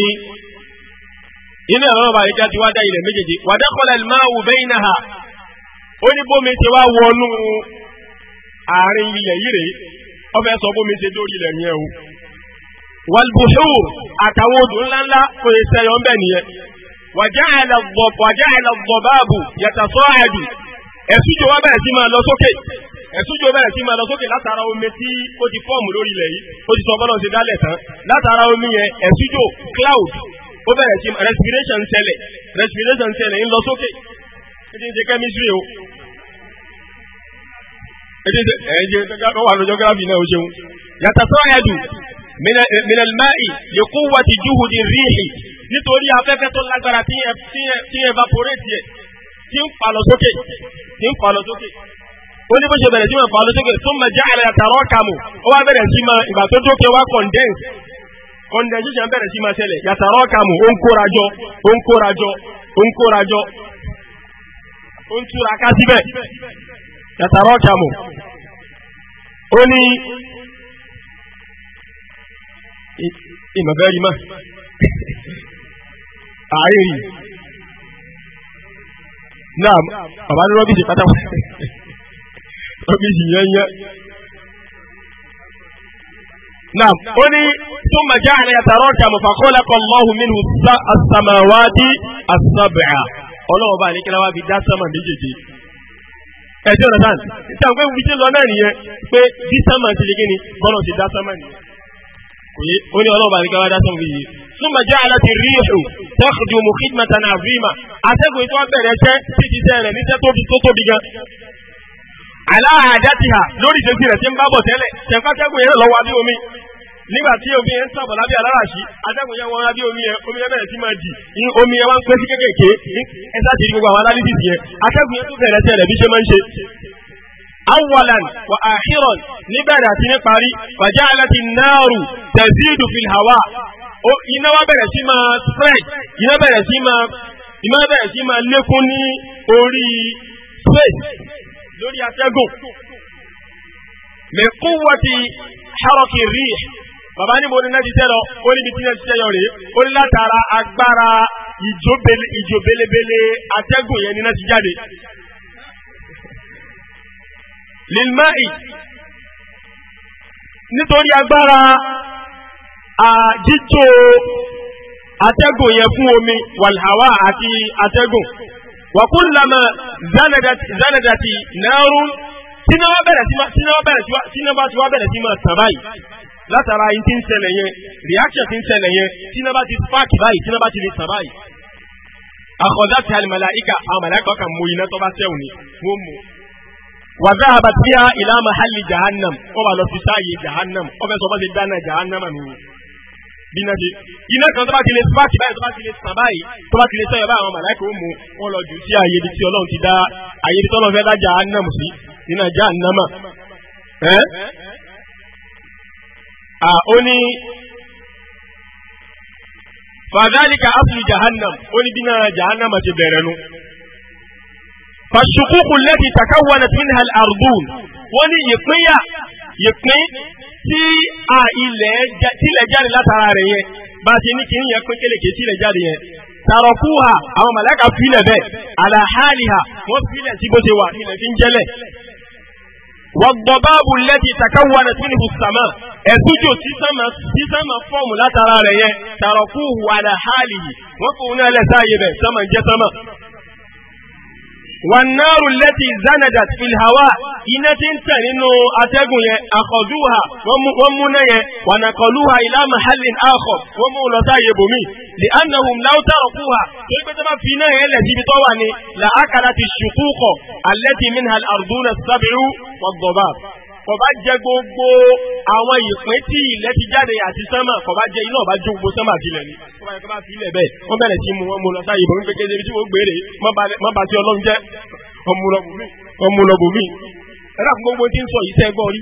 inú ẹ̀rọ ọba ìjà ti wá dá ilẹ̀ méjèèjì wàdákọ́lá ìlú máa wù bẹ́yìn náà hà ó ní bómi ti wá wọnú àárín ilẹ̀ yìí rèé ọbẹ̀ sọ bómi ti dórí ilẹ̀ yẹn o wàlbùhù àtàwọn odò ńláńlá kò lè sẹyọ ńbẹ nìyẹn wàjá àìlọ̀bọ̀bù yàtà sọ́ọ̀ẹ́dù ẹ̀sùn tó wá bẹ̀rẹ̀ sí máa lọ sókè ẹ̀túnjọ bẹ̀rẹ̀ sí máa lọ sókè látara omi tí ó ti fọ́ọ̀mù lórí ilẹ̀ yìí ó ti sọ bọ́lá ti dálẹ̀ tán látara omi yẹn ẹ̀túnjọ cloud ó bẹ̀rẹ̀ sí respiration ṣẹlẹ̀ respiration ṣẹlẹ̀ ń lọ sókè ètò ìṣe chemistry o ètò ìṣe ẹ̀jẹ̀ tó wà lójọ́ gíráfì náà ó ṣeun yàtọ̀ sọ́ọ̀yàdù minalmai lè kó wà ti júhù di ríhì nítorí afẹ́fẹ́ tó lágbára tí evaporate yẹ tí ń palọ sókè tí ń palọ sókè. ó ní bó ṣe bẹ̀rẹ̀ sí máa fà lóṣèké tó máa já àlẹ́ àtàrọ́ kàmù ó wá bẹ̀rẹ̀ sí máa ìgbà tó dókè wá condense condensation bẹ̀rẹ̀ sí máa ṣẹlẹ̀ yàtàrọ́ kàmù ó ń ó ń ó ń ó ń túra ká síbẹ̀ ọbí yìí yẹnyẹ. Naam, ó ní thumma ja'ala yatarakamu fa khalaqa Allahu minhu as-samawati as-sab'a. Ọlọ́run bá ní kíláwá fi dá sánmà méjèèjì. Ẹ̀jẹ̀ ọ̀nà tán, ìtàn pé fi ṣe lọ náà nìyẹn pé bí sánmà ti lè gíní bọ́lá ti dá sánmà nìyẹn. Oye, ó ní ọlọ́run bá ní kíláwá dá sánmà méjèèjì. Thumma ja'alat ar-rihu takhdumu khidmatan 'azima. Àtẹ́gùn ìtọ́ bẹ̀rẹ̀ iṣẹ́ tí ti sẹ́ rẹ̀ níṣẹ́ tóbi tó tóbi gan aláàdájìhà lórí ìṣesí rẹ̀ tí ń bá bọ̀ tẹ́lẹ̀ tẹ̀kọ́tẹ́gùn yẹn lọ́wọ́ abí omi nígbà tí omi yẹn ń sàbọ̀ lábẹ́ aláràṣí atẹ́gùn yẹn wọn abí omi yẹn omi yẹn bẹ̀rẹ̀ sí máa jì omi yẹn wá ń pẹ́ sí kékèké ẹ sáàtì ní gbogbo àwọn analysis yẹn atẹ́gùn yẹn tún bẹ̀rẹ̀ tẹ́lẹ̀ bí ṣe máa ń ṣe. awalan wa ahiran níbẹ̀rẹ̀ àti ní parí wàjẹ́ alẹ́tì náàrù tazidu fil hawa iná wa bẹ̀rẹ̀ sí máa spread iná bẹ̀rẹ̀ sí máa lékún ní orí space lórí atẹ́gùn mẹ́kún ti ṣàròkì rí bàbá níbo ni náà ti tẹ́ lọ ó níbi tí náà ti tẹ́ yọ rèé ó ní látara agbára ìjò belebele atẹ́gùn yẹn ni náà ti jáde. lilmai nítorí agbára jíjó atẹ́gùn yẹn fún omi wàlhàwà àti atẹ́gùn wàkúlàmà zanadati náírù tínáwá bẹ̀rẹ̀ sí tínáwá tí wá bẹ̀rẹ̀ sí máa tàn báyìí látara yìí tí ń ṣẹlẹ̀ yẹn reaction tí ń ṣẹlẹ̀ yẹn tínáwá ti spark báyìí tínáwá ti lè tàn báyìí. àkọ́dá ti àlìmọ̀lá ìkà àwọn mọ̀lẹ́kọ̀ọ́ kan mú iná tó bá sẹ́wọ̀n ni wọ́n mú. wà bẹ́ẹ̀ àbàtí ìlà mahali jahannam wọ́n bá lọ sí sáàyè jahannam wọ́n fẹ́ sọ bá ti dáná jahannam nù bí náà ṣe iná kan tó bá ti lè spark báyìí tó bá ti lè sàn báyìí tó bá ti lè sọyọ báyìí àwọn màláìkà ó mú wọn lọ jù sí àyè ibi tí Ọlọ́run ti dá àyè ibi tí Ọlọ́run fẹ́ dá Jahannam sí iná Jahannam ó ní fàdálíkà aslu Jahannam ó ní bí náà Jahannam ti bẹ̀rẹ̀ nu. fàṣukúkú lẹ́tì takawwanat minha al-ardun wọ́n ní ìpínyà ìpín tí a ilẹ̀ tílẹ̀ jáde látara rẹ̀ yẹn bá ti ní kìíní yẹn pín kélékè tílẹ̀ jáde yẹn tàrọ̀kú ha àwọn màláíkà filẹ̀ bẹ́ẹ̀ àlàhálì ha wọ́n filẹ̀ sí bó ṣe wà ilẹ̀ fi ń jẹ́lẹ̀. wàgbọ́báàbù lẹ́tì takawa rẹ̀ sínú ìbùsàmà ẹ̀sùjò sísàmà fọ́ọ̀mù látara rẹ̀ yẹn tàrọ̀kú àlàhálì wọ́n fòun náà lẹ́sàáyé bẹ́ẹ̀ sàmà ń jẹ́ sàmà والنار التي زندت في الهواء إنت إن تنسى إنه أتقوا أخذوها ومنا ونقلوها إلى محل آخر ومولا يبومي لأنهم لو تركوها كيف تبقى فينا التي بطواني لأكلت الشقوق التي منها الأرضون السبع والضباب kò bá jẹ gbogbo àwọn ìpín tí ilẹ̀ ti jáde àti sánmà kò bá jẹ iná ọba jó gbogbo sánmà tilẹ̀ ni. kó bá yẹ kó bá fi ilẹ̀ bẹ́ẹ̀ wọ́n bẹ̀rẹ̀ sí mu wọn mu lọ sáyé ìbọn pé kéde ibi tí wọ́n gbére má ba sí ọlọ́run jẹ́ ọmọlọ́bùnmí. ẹ dàkún gbogbo tí ń sọ yìí sẹ́ gbọ́ rí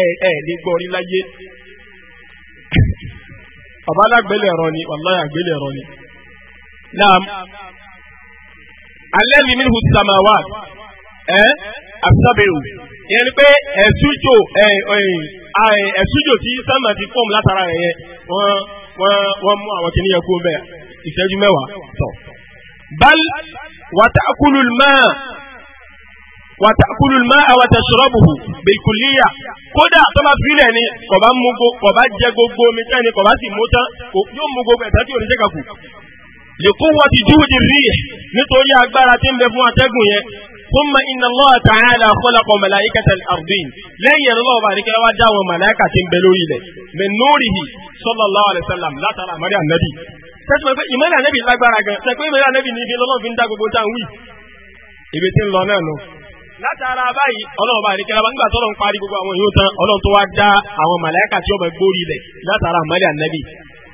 ẹ ẹ lè gbọ́ rí láyé. bàbá alágbélé ẹ̀rọ ni wàláyà àgbélé ẹ̀rọ ni. naam alẹ́ ni minhu samawat ẹ́. Eh? àbísàbẹ̀rù ìyẹn ni pé ẹ̀sùjò ẹ̀sùjò tí sẹ́mà ti fọ́ọ̀mù látara rẹ̀ yẹn wọ́n wọ́n wọ́n mú àwọn kìnìyàn kú bẹ́ẹ̀ ìṣẹ́jú mẹ́wàá tọ̀. bal wàtàkùlùl máa wàtàkùlù máa àwàtàṣọ́rọ́bùhù bìkùlíyà kódà tó bá filẹ̀ ni kò bá mú go kò bá jẹ gbogbo omi tán ni kò bá sì mú tán yóò mú gbogbo ẹ̀sán tí ò ní jẹ́ kakù. lèkó wọ́n ti dúró di rí nítorí agbára tí ń bẹ fún atẹ́gùn yẹn ثم إن الله تعالى خلق ملائكة الأرضين لن يرى الله بارك لو جاءوا ملائكة بلوري من نوره صلى الله عليه وسلم لا ترى مريم النبي tẹ́tùmọ̀ pé ìmọ̀lẹ̀ ànẹ́bì lágbára gan tẹ́ pé ìmọ̀lẹ̀ ànẹ́bì ní ibi lọ́lọ́ fi ń dá gbogbo tá ń wí ibi tí ń lọ náà nù. látara báyìí ọlọ́run bá àríkẹ́lá bá nígbà tọ́lọ́run parí gbogbo àwọn yòó tán ọlọ́run tó wá dá àwọn màláíkà tí ó bẹ gbórí ilẹ̀ látara ìmọ̀lẹ̀ ànẹ́bì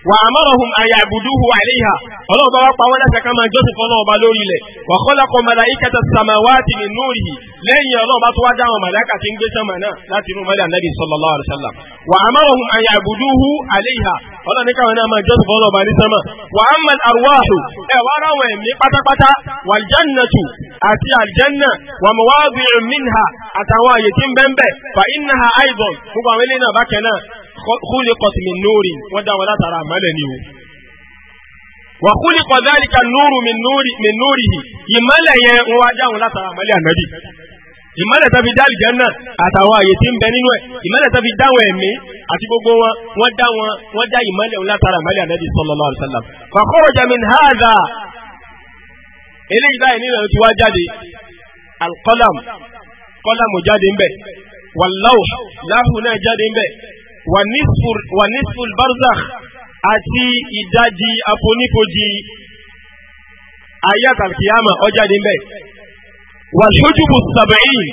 wà á mọ̀rọ̀hùn àyà àbùdúhù àìlèyà ọlọ́ọ̀bá wa pa wọ́n lẹ́sẹ̀ ká máa jọ́sìn fún ọlọ́ọ̀bá lórí ilẹ̀ wà kọ́lákọ̀ màláìkẹta sàmáwáàtì ní núrì lẹ́yìn ọlọ́ọ̀bá tó wá dáhùn màláìkà tí ń gbé sánmà náà láti inú mọ́lẹ̀ ànábì sallallahu alaihi wasallam wà á mọ̀rọ̀hùn àyà àbùdúhù àìlèyà ọlọ́ọ̀ ní káwọn náà máa jọ́sìn fún ọlọ́ọ̀bá ní mọ̀ àrùwáhù ẹ̀ ẹ̀mí pátápátá àtàwọn àyè tí ń bẹ́ńbẹ́ fa innaha aidan gbogbo àwọn ilé náà bákẹ́ náà khuliqat min nurin wọ́n dá wọn látara àmọ́lẹ̀ ni o. wa khuliqa dhalika nuru min nurihi ìmọ́lẹ̀ yẹn wọ́n wá dá wọn látara àmọ́lẹ̀ ànábì ìmọ́lẹ̀ tó fi dá àlìjánná àtàwọn àyè tí ń bẹ nínú ẹ̀ ìmọ́lẹ̀ tó fi dáwọn ẹ̀mí àti gbogbo wọn wọ́n dá wọn wọ́n dá ìmọ́lẹ̀ wọn látara ìmọ́lẹ̀ ànábì sallallahu wà nísfù barzakh àti ìdajì àfonífojì ayat al-qiyama ọjáde ń bẹ̀. wà sójúbù sàbẹ̀yìn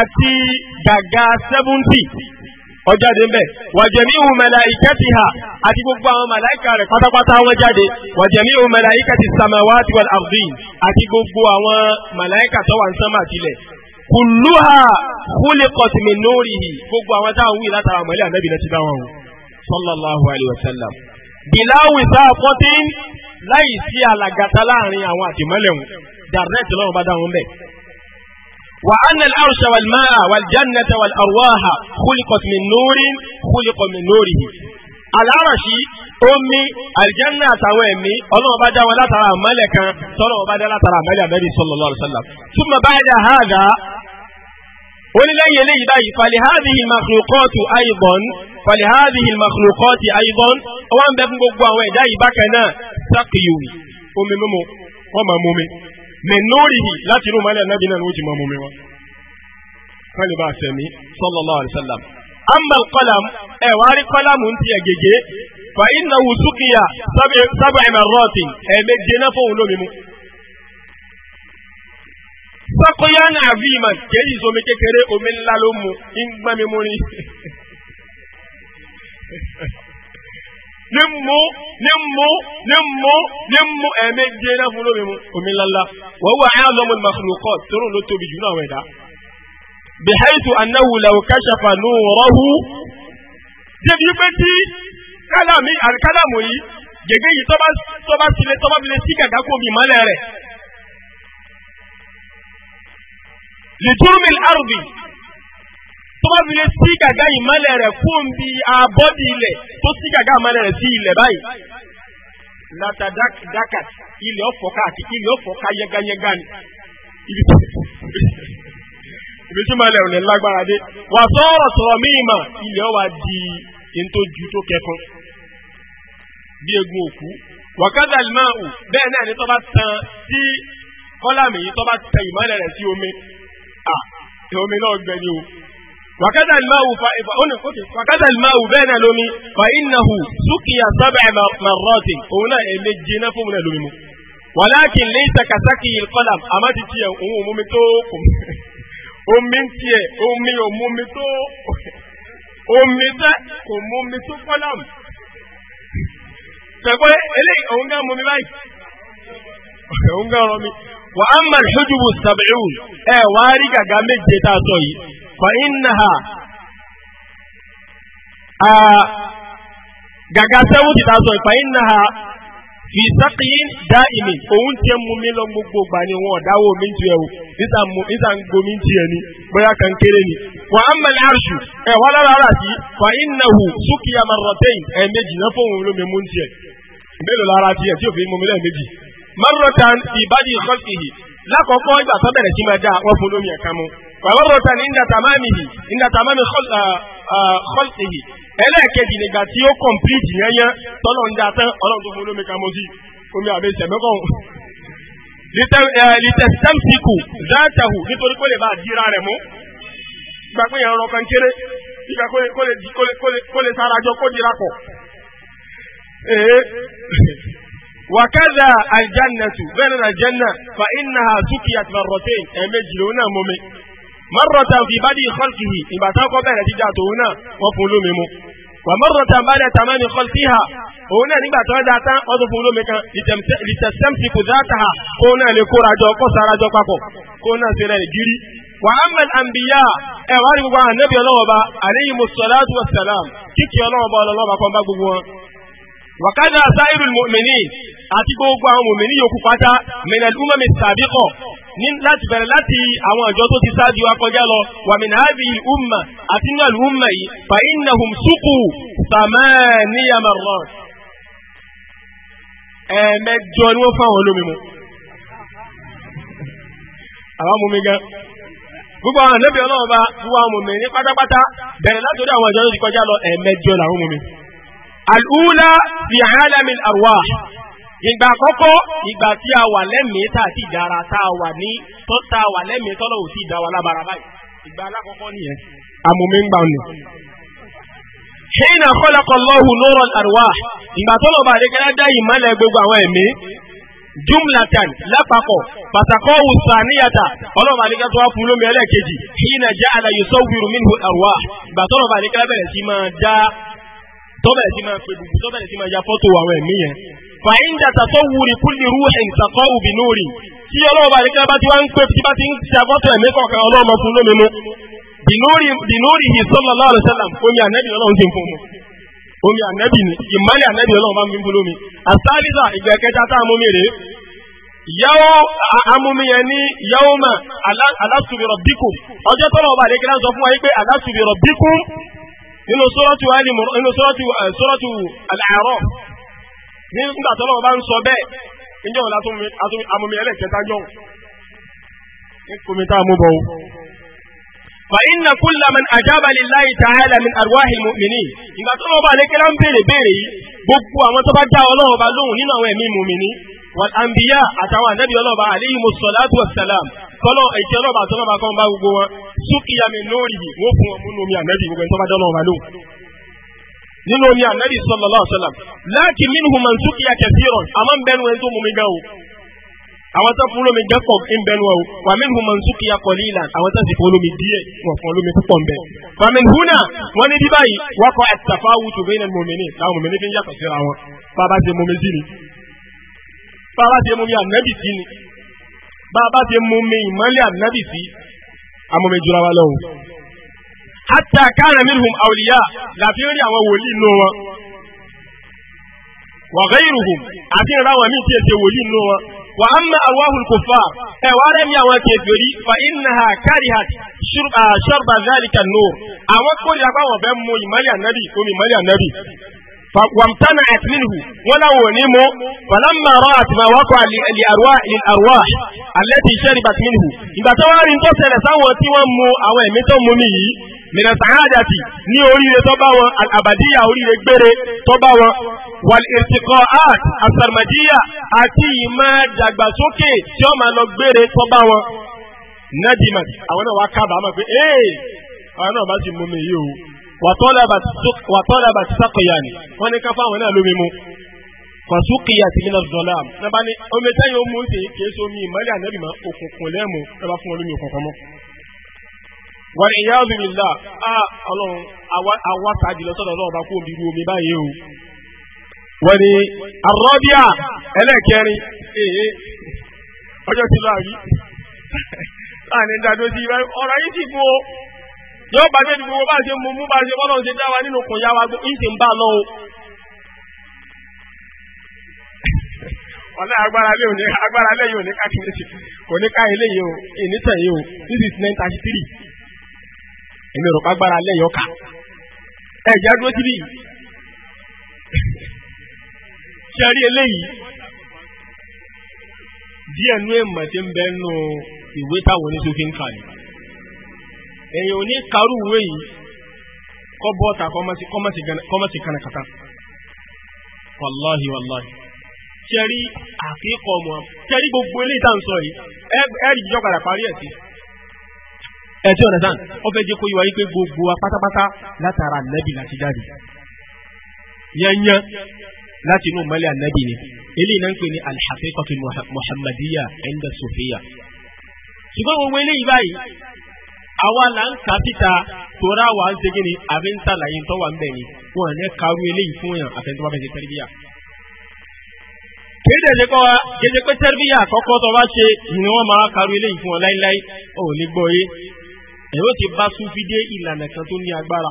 àti gàgà sẹ́fúntì ọjáde ń bẹ̀. wà jẹ̀mí ìhùn malaikatiha àti gbogbo àwọn màláìkà rẹ̀ pátápátá wọn jáde. wà jẹ̀mí ìhùn malaikati samawati wal ardi àti gbogbo àwọn màláìkà tó wà ń sánmà tilẹ̀ kùlúhà khuliqat min nurihi gbogbo àwọn táwọn wí látara àmọ́lẹ́ ànábì náà ti dá wọn o sallallahu alayhi wa sallam. bìláwì sáà fọ́tín láì sí alàgàtà láàrin àwọn àtìmọ́lẹ̀ wọn dàrẹ́tì lọ́wọ́ bá dá wọn bẹ́ẹ̀. وأن العرش والماء والجنة والأرواح خلقت من نور خلق من نوره العرش أمي الجنة توامي الله بدا ولا ترى ملكا ترى بدا لا ترى ملكا النبي صلى الله عليه وسلم ثم بعد هذا ó ní lẹ́yìn eléyìí báyìí falihadihi makhlukọ́ọ̀tù ayibọ̀n falihadihi makhlukọ́ọ̀tù ayibọ̀n ó wá ń bẹ fún gbogbo àwọn ẹ̀dá yìí bákan náà sákìyù omi mímu wọ́n máa mú mi mẹ́núrìhì láti inú mọ́lẹ̀ náà bí náà ló ti máa mú mi wọn. wọ́n lè bá a sẹ̀mí sallallahu alaihi wasallam. amma ẹ̀ wá rí kọ́lámù ń tiẹ̀ gègé fa innahu suqiya sábẹ̀ sọ́kóyánà àfihàn kéyìí sómi kékeré omi ńlá ló mu ń gbọ́n mi mú ni. ní mú ní mú ní mú ní mú ẹ̀ẹ́mẹ́jẹ náà fún lómi mu omi ńlá la wọ́n wà áyà lọ́mọ màkùlùkọ́ tóun ló tóbi jù náà wẹ̀ dá. bìháìtù anáwó làwọn káṣàfà nù rọ́hù. débi pé tí kálámù yìí gègé yìí tọ́ba sílẹ̀ tọ́ba sílẹ̀ sí gàdákò mi mọ́lẹ̀ rẹ̀. lìdúrúmi àrùbí tó bá fi lè sí gàgá ìmọ̀lẹ̀ rẹ̀ fún bí abọ́dì ilẹ̀ tó sí gàgá ìmọ̀lẹ̀ rẹ̀ sí ilẹ̀ báyìí látàdákàdàkà ilẹ̀ ọ̀fọ̀ káàkiri ilẹ̀ ọ̀fọ̀ ká yẹganyẹga ni ibi tí mọ̀lẹ̀ òní lágbára dé wà sọ̀rọ̀ sọ̀rọ̀ mímọ̀ ilẹ̀ wa di ntójú tó kẹkọ̀ọ́ bí egun òkú wàkàtà ìmáà ò bẹ́ẹ̀ náà ni tó bá tan sí kọ́làmì à ah, omi náà gbẹ ni o wàkàtà ìmáwù fa ìfà ó ní wàkàtà ìmáwù bẹ́ẹ̀ náà lómi fa ìnáhù súkìyà sábẹ̀ màrọ́ọ̀tì òun náà èmi jiná fún mi náà lómi mu wàláàkì lè sàkàsàkì yìí kọ́là àmọ́ ti tiẹ̀ òun ò mú tó kù omi tiẹ̀ omi ò mú tó omi tẹ́ kò mú tó kọ́là mu eléyìí òun gán mú báyìí òun gán rọ mi. wa amma alhujubu sab'un ẹ wari rí gàgà méje tá a sọ yìí fa innaha gàgà sẹ́wọ́tì tá a sọ yìí fa innaha fi sakiyin da'imi òun tẹ mú mi gbogbo ni mi ti o níta mú níta ń mi ti ni bóyá kan ni. wà á mẹ́lẹ̀ àrùsù ẹ̀ wọ́n lára ara fa innahu sukiya marratayn ẹ̀ méjì náà fóun ló mi mú ti ẹ̀ mélòó lára ti Marotan ibadi khalqihi lákọ̀ọ́kọ́ ìgbà tó bẹ̀rẹ̀ sí máa dá wọn fún lómi ẹ̀ka mu wàá marrotan inda tamamihi inda tamami ah, ah, khalqihi ẹlẹ́ẹ̀kejì nígbà tí ó complete yányán tọ́lọ̀ ń dá tán ọlọ́run tó fún lómi ẹ̀ka mu sí omi àbẹ̀sẹ̀ mẹ́kọ̀ọ́ litastamsiku eh, zatahu nítorí kó lè bá dira rẹ̀ mú gba pé yẹn rọkan kéré ìgbà kó lè sára jọ kó dira pọ̀ ee wàkàdà àjànàtù bẹ́ẹ̀ náà àjànà fa iná sùkìyà tìmọ̀rọ̀tẹ̀ ẹ̀ẹ̀mejì lòun náà mọ́mi mọ́rọ̀tà fi ìbádìí kọ́lùkìhì ìgbà tá kọ́ bẹ̀rẹ̀ jíjà tòun náà wọ́n fún lómi mu wà mọ́rọ̀tà bàdà tàmánì kọ́lùkìhà òun náà nígbà tó ń da kan lìtẹ̀sẹ̀mtì kù dáàtàhà lè kórajọ kó sarajọ papọ̀ kó náà ṣe rẹ̀ gírí wà á mẹ́lẹ̀ àǹbíyá ẹ̀ gbogbo àwọn ànábì ọlọ́wọ́ bá àníyí wa sàlám kíkì ọlọ́wọ́ bá kọ́ bá gbogbo wọn. wàkàdà sáírù mùmìnì àti gbogbo àwọn mòmìnì yòókù pátá minal umami sabiqo ní láti bẹ̀rẹ̀ láti àwọn àjọ tó ti ṣáájú wa kọjá lọ wà min hadhihi umma àti nínú àlùmọ̀ yìí fa innahum suqu samaniya marrat. ẹ̀ẹ̀mẹjọ ni wọ́n fáwọn olómi mu. àwọn mú gan. gbogbo àwọn ànábì ọlọ́run gbogbo àwọn mòmìnì pátápátá bẹ̀rẹ̀ láti orí àwọn àjọ tó ti kọjá lọ ẹ̀ẹ̀mẹjọ làwọn mú mi. al fi alamil ìgbà àkọ́kọ́ ìgbà tí a wà lẹ́mìí tá a ti dára tá a wà ní tó tá a wà lẹ́mìí tọ́lọ̀ ò sí ìdá wa lábara báyìí ìgbà alákọ̀ọ́kọ́ nìyẹn amúmi ń gbà ní. ṣéyìn àkọlẹ́kọ̀ lọ́hùn lọ́rọ̀ àrùwá ìgbà tọ́lọ̀ bá àdékẹ́lẹ́ dá ìmọ́lẹ̀ gbogbo àwọn ẹ̀mí jumlatan lápapọ̀ pàtàkọ́ wùsàníyàtà ọlọ́ba àdékẹ́ tó wá fún lómi ẹlẹ́ẹ̀kejì minhu àrùwá ìgbà tọ́lọ̀ bá àdékẹ́lẹ́ bẹ̀rẹ̀ sí máa dá tọ́bẹ̀rẹ̀ sí máa pè gbogbo sí máa ya fọ́tò àwọn ẹ̀mí yẹn fàyíǹda tàtọ́ wúri kúlì rúhìn tàtọ́ òbí lórí tí ọlọ́ọ̀bà àdékẹ́lá bá ti wá ń pè tí bá ti ń ṣàkọ́tọ̀ ẹ̀mí kọ̀ọ̀kan ọlọ́ọ̀mọ fún lómi mu bìnúrì yìí sallallahu alaihi wasallam omi ànẹ́bì ọlọ́run ti ń fún mu omi ànẹ́bì ni ìmọ̀lẹ̀ ànẹ́bì ọlọ́run bá ń fún lómi àsáàlìsà ìgbà kẹta tá a mú mi rèé yàwó amúmi yẹn ní yàwó mà alásùbìrọ̀ bíkù ọjọ́ tọ́lọ̀ ọba àdékẹ́lá sọ fún wa yìí pé alásùbìrọ̀ bíkù nínú sọ́rọ́tù nígbà tó lọ́wọ́ bá ń sọ bẹ́ẹ̀ níjọ́ wọn amúmi ẹlẹ́kẹta jọ níkùnmi tá a mú bọ̀ o. فإن كل من أجاب لله تعالى من أرواح المؤمنين ìgbà tó lọ́wọ́ bá lé kẹ́lá ń béèrè béèrè yìí gbogbo àwọn tó bá já ọlọ́wọ́ bá lóhùn nínú àwọn ẹ̀mí mùmìnì wàlàǹbíyà àtàwọn ànábì ọlọ́ba àléyìn mùsùlùmí wassalam kọ́lọ́ ìṣẹ́ ọlọ́ba àtọ́lọ́ba kan bá gbogbo wọn súkìyàmì lórí wọ́n fún ọmú nù mí ànábì gbogbo ẹni tó bá dọ́lọ́ba lóhùn nínú omi ànábì sallallahu alaihi wasallam láàkì minhum man suqiya kathiran àmọ́ nbẹ́nu ẹ̀ tó mú mi gan o àwọn tó fún lómi jẹ́kọ̀ nbẹ́nu ẹ̀ o wa minhum man suqiya qalilan àwọn tó sì fún lómi díẹ̀ wọ́n fún lómi púpọ̀ nbẹ́. famin huna wọn ní bíbáyìí waqa'a at-tafawutu bayna al-mu'minin táwọn mòmìnì fi ń yàtọ̀ síra wọn bàbá ti mú mi sí ni bàbá ti mú mi ànábì sí ni bàbá ti mú mi ìmọ́lẹ̀ ànábì sí amómi hatta kana minhum awliya làfi rí àwọn wòlíì nù wọn wa ghayruhum àti ìran àwọn míì tí èsè wòlíì nù wọn wa amma arwahul kuffar ẹ wá rẹ mi àwọn kèfèrí fa innaha karihat sharba ah, dhalika an-nur àwọn kórìíra pé àwọn bẹ́ẹ̀ mú ìmọ̀lẹ̀ ànábì omi ìmọ̀lẹ̀ ànábì وامتنعت منه ولو نمو فلما رأت ما وقع لأرواح للأرواح التي شربت منه إذا تواري انتصر سوى تيوان مو أو متو ممي mina sàádàtì ní oríire tó bá wọn àbàdíyà oríire gbére tó bá wọn wal irtikọ art asarmadiya àti ìmọ̀ dàgbàsókè tí ó máa lọ gbére tó bá wọn. nadimat àwọn náà wá kábàámọ̀ pé ee àwọn náà bá ti mú mi yìí o wàtọ́lá bá ti sàkóyà ni wọ́n ní ká fáwọn náà lómi mu fasukiya ti mina zọlam nabani omi tẹ́yìn ó mú sí mi ìmọ̀lẹ́ ànábìmọ̀ òkùnkùn lẹ́mu ẹ bá fún wọn lómi òkùnkùn mọ́. wàrí ìyá ọ̀bìnrinlá a ọlọ́run awáta jùlọ sọ́dọ̀ ọlọ́run bá kó omi ru omi báyìí o. wọ́n ní elekere ee ọjọ́ ti lọ àbí láàrin ìdádó sí ibà ọ̀rọ̀ yìí sì gbó yóò bá dé gbogbo bá ṣe mú mú bá ṣe bọ́lọ̀ ṣe dá nínú ń bá lọ o. ọ̀lẹ́ agbára lé òní ṣe kò ní ká eléyìí o yìí o this is nine thirty three. èmi rò pàgbára lẹ́yìn ọkà ẹ jẹ́ àdúró síbí ṣe rí eléyìí díẹ̀ nú èèmọ̀ tí ń bẹ nù ìwé táwọn oníṣòfin kà ní èyàn ò ní karú ìwé yìí kọ́ bọ́ọ̀tà kọ́mọ̀sì kanakata ṣe rí ṣe rí gbogbo eléyìí ẹtí ọ̀nà sàn ọ̀fẹ́ jẹ́ kó yíwa yí pé gbogbo wa pátápátá látara ànábì láti jáde yányán láti inú mọ́lẹ̀ ànábì ni eléyìí náà ń pè ní alhaqiqatu muhammadiyya inda sofiya ṣùgbọ́n gbogbo eléyìí báyìí àwa là ń kà síta tóra wa ń segin ni àfi ń sàlàyé ń tọ́wà ń bẹ̀ ni wọn àná karú eléyìí fún yàn àfẹ́ntọ́ bá fẹ́ ṣe tẹ́lifíyà kéde ẹ̀jẹ̀ kọ́ wa kéde pé tẹ́lifíyà àkọ́kọ́ tó bá ṣe ìyẹn máa karú eléyìí fún ọ láíláí ò ní gbọ́ yé ẹ̀yìn ó ti bá súfí dé ìlànà kan tó ní agbára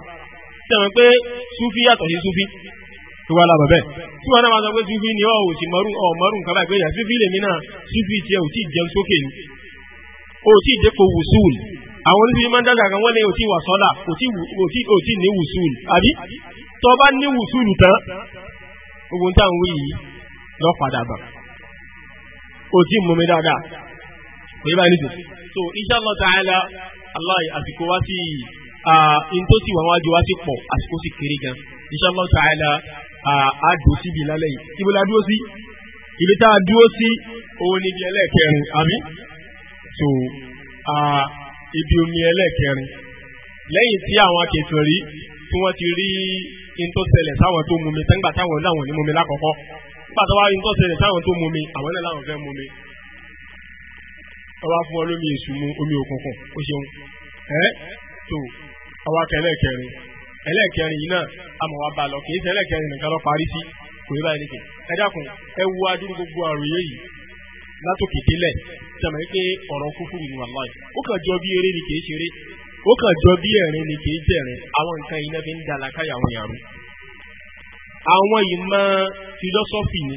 sẹ́wọ̀n pé súfí yàtọ̀ sí súfí tó wà lábàá bẹ́ẹ̀ tí wọn náà máa sọ pé súfí ni ọ ò sì mọrún ọ mọrún nǹkan báyìí pé yà súfí lèmi náà súfí tiẹ̀ ò tí ì jẹun sókè ni ò tí ì dẹ́kọ̀ wùsùl àwọn oníṣẹ́ máa ń dájà kan wọ́n lé ò tí ì wà sọ́là ò tí ì ní wùsùl àbí tó bá ní wùsùl tán gbogbo ń táwọn wí yìí lọ́ padà bà ò tí dáadáa pé báyìí nìyí so inshallah ta'ala aláì àsìkò wá sí in tó sì wà wá sí pọ̀ àsìkò sì kéré gan inshallah ta'ala àádùn síbi lálẹ́ yìí ibi la dúró sí ibi tá a dúró sí òun ni ibi ẹlẹ́ẹ̀kẹrin àmì tó ibi omi ẹlẹ́ẹ̀kẹrin lẹ́yìn tí àwọn akẹ́tọ̀ rí tí wọ́n ti rí in tó ṣẹlẹ̀ sáwọn tó mumi tẹ́ngbà táwọn náà wọ̀ ní mumi lákọ̀ọ́kọ́ nígbà tó wá in sáwọn tó mumi àwọn náà láwọn fẹ́ mumi ọwá fún ọ lómi èṣù mu omi òkùnkùn ó ṣeun ẹ tó ọwá kẹ ẹlẹ́ẹ̀kẹrin ẹlẹ́ẹ̀kẹrin yìí náà àmọ́ wa bá lọ kì í ṣe ẹlẹ́ẹ̀kẹrin nìkan lọ parí sí kò yẹ báyìí nìkan ẹ dákun ẹ wo adúrú gbogbo àròyé yìí látòkè délẹ̀ sàmà yìí pé ọ̀rọ̀ kúkúrú ni wàlá yìí ó kàn jọ bí eré ni kì í ṣeré ó kàn jọ bí ẹ̀rín ni kì í jẹ̀rín àwọn nǹkan yìí náà fi ń dalà káyà àwọn yàrá àwọn ìmọ̀ fílọ́sọ́fì ni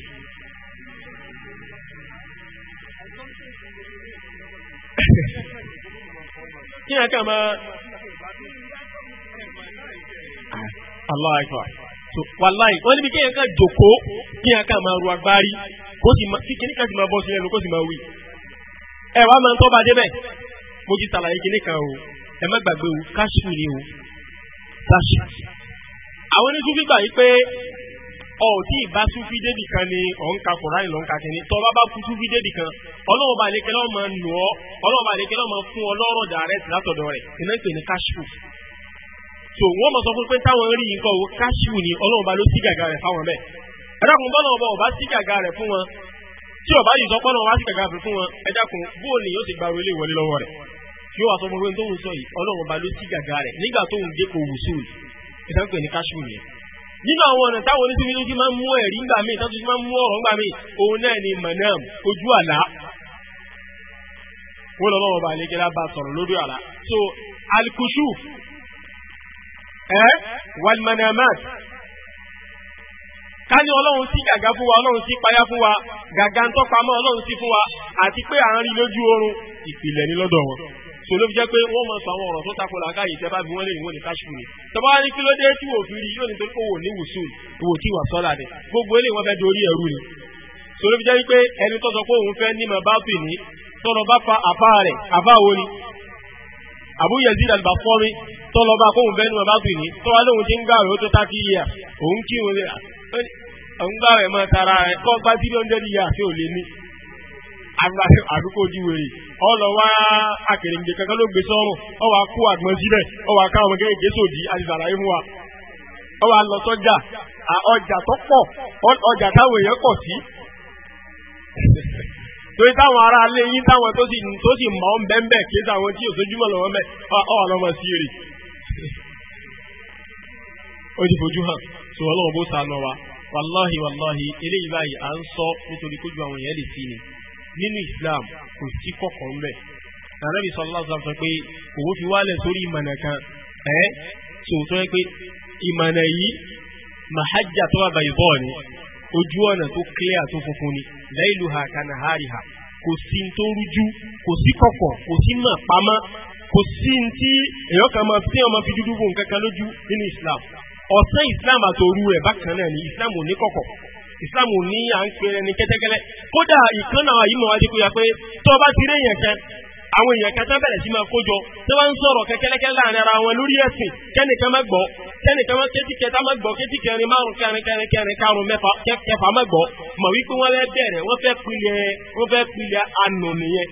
kí ẹ ká máa Allah akbar so wàláì wọ́n níbi kí ẹ ká jòkó kí ẹ ká máa ru agbárí kó sì máa kí kíníkà sì máa bọ́ sílẹ̀ ló kó sì máa wí. ẹ wá máa ń tọ́ ba débẹ̀ mo ti tàlàyé kíníkà o ẹ má gbàgbé o káṣù ni o káṣù. àwọn oníṣúfì gbà pé ọ ò tí ì bá súfì débì kan ni ọ̀ ń ka kùráìn ló ń ka kínní tọ́ ọ bá bá kú súfì débì kan ọlọ́run bá lékelé ọmọ nù ọ ọlọ́run bá lékelé ọmọ fún ọlọ́rọ̀ dàrẹ́tì látọ̀dọ̀ rẹ̀ ìnáwó pè ní káṣíù so wọ́n mọ̀ sọ fún pé táwọn rí yìí kọ́ káṣíù ni ọlọ́run bá ló sí gàgà rẹ̀ fáwọn bẹ́ẹ̀ ẹ̀dàkùn bọ́lá ọba ọba sí gàgà rẹ̀ fún wọn tí ọba ni yóò nínú àwọn ọ̀nà táwọn oníṣẹ́ méjì máa ń mú ẹ̀rí ńgbà míì tó tún máa ń mú ọ̀rọ̀ ńgbà míì òun náà ni manam ojú àlá wọ́n lọ́wọ́ ọba àlejò bá sọ̀rọ̀ lórí àlá so alikushu ẹ walmanamat ká ní ọlọ́run sí gàgá fún wa ọlọ́run sí payá fún wa gàgá ń tọ́pamọ́ ọlọ́run sí fún wa àti pé à ń rí lójú oorun ìpìlẹ̀ ní lọ́dọ̀ wọn so ló fi jẹ́ pé wọ́n máa sọ àwọn ọ̀rọ̀ tó tako làákàyè tẹ́ bá bí wọ́n lè wọ́n ní káṣíkù ni tọ́ba ní kí ló dé tí wò fi rí yóò ní torí owó ní wùsù owó tí wà sọ́la ni gbogbo eléyìí wọ́n fẹ́ dorí ẹ̀rú ni so ló fi jẹ́ pé ẹni tó sọ pé òun fẹ́ ní mọ̀báàpì ní tọ́lọ bá fa àfa rẹ̀ àfa wo ni Abu Yazid al-Bafori tọ́lọ bá kóhun fẹ́ ní mọ̀báàpì ní tọ́wá lóhun ti ń gbàwé ó tó tá kí yíyà òun kí òun gbàwé mọ́ tara rẹ̀ kọ́ gbá àdúgbò jíwèrè ọlọ wá akèrèǹgbè kankan ló gbé sọrùn ọwọ akó àgbọn síbẹ ọwọ akáwọn ọmọ kéèké sòdì àdìsàlàyé fún wa ọwọ alọ sọjà ọjà tó pọ̀ ọjà táwọn èèyàn pọ̀ sí torí táwọn ará ilé yín táwọn tó sì tó sì kí táwọn tí lọ́wọ́ mẹ́ sí rè ó ti fojú hàn ọlọ́run bó sa lọ wa wàláhì wàláhì eléyìí báyìí à ń sọ nítorí kójú àwọn èèyàn lè sí ni. nínú islam kò sí kọ̀kọ̀ ń bẹ̀ nàrẹ́bí sọlá sọ sọ pé òwò fi wálẹ̀ sórí ìmọ̀nà kan ẹ́ sòótọ́ yẹ pé ìmọ̀nà yìí mahajja tó wà bàyí bọ́ọ̀ ni ojú ọ̀nà tó clear tó funfun ni layluha kanahariha kò sí tó rújú kò sí kọ̀kọ̀ kò sí mọ̀ pamọ́ kò sí tí èèyàn kan máa fi ọmọ fi dúdú bò lójú nínú islam ọ̀sán islam àtòru rẹ̀ bákan náà ni islam ò ní kọ̀kọ̀ islam ò ní à ń pe ẹni kẹ́tẹ́kẹ́lẹ́ kódà ìkànnà àyímọ̀ wájú kó yà pé tó o bá ti rí èèyàn kan àwọn èèyàn kan tán bẹ̀rẹ̀ sí máa kójọ tó bá ń sọ̀rọ̀ kẹ́kẹ́lẹ́kẹ́ láàrin ara wọn lórí ẹ̀sìn kẹ́nìkan má gbọ́ kẹ́nìkan má kétí kẹta má gbọ́ kétí kẹrin márùn kẹrin kẹrin kẹrin karùn mẹ́fà kẹfà má gbọ́ mọ̀ wípé wọ́n lẹ́ bẹ̀rẹ̀ wọ́n fẹ́ pilẹ̀ wọ́n fẹ́ pilẹ̀ ànà nìyẹn.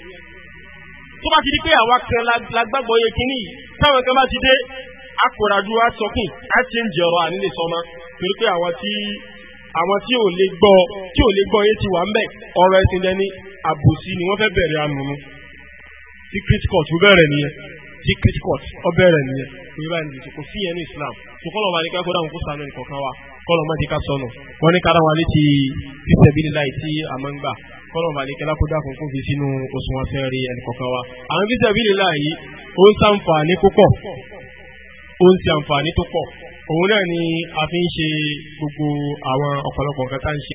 tó bá ti di pé àwa kan lágbàgbọ́ yẹ kínní yìí táwọn kan bá ti dé akọ̀ràdú asọ́kùn á ti ń jẹ̀rọ ànílè àwọn tí ò lè gbọ́ tí ò lè gbọ́ yé ti wà ń bẹ̀ ọ̀rọ̀ ẹ̀sìn ni wọ́n fẹ́ bẹ̀rẹ̀ ànùnú secret court ó bẹ̀rẹ̀ nìyẹn secret court ó bẹ̀rẹ̀ nìyẹn òye báyìí nìyẹn kò sí yẹn ní Islam kò kọ́ lọ́ọ́ máa kó dáhùn wa kọ́ sọnù wọ́n ní wa kọ́ dáhùn wọn wa. àwọn ó òun náà ni a fi ń ṣe gbogbo àwọn ọ̀pọ̀lọpọ̀ nǹkan ń ṣe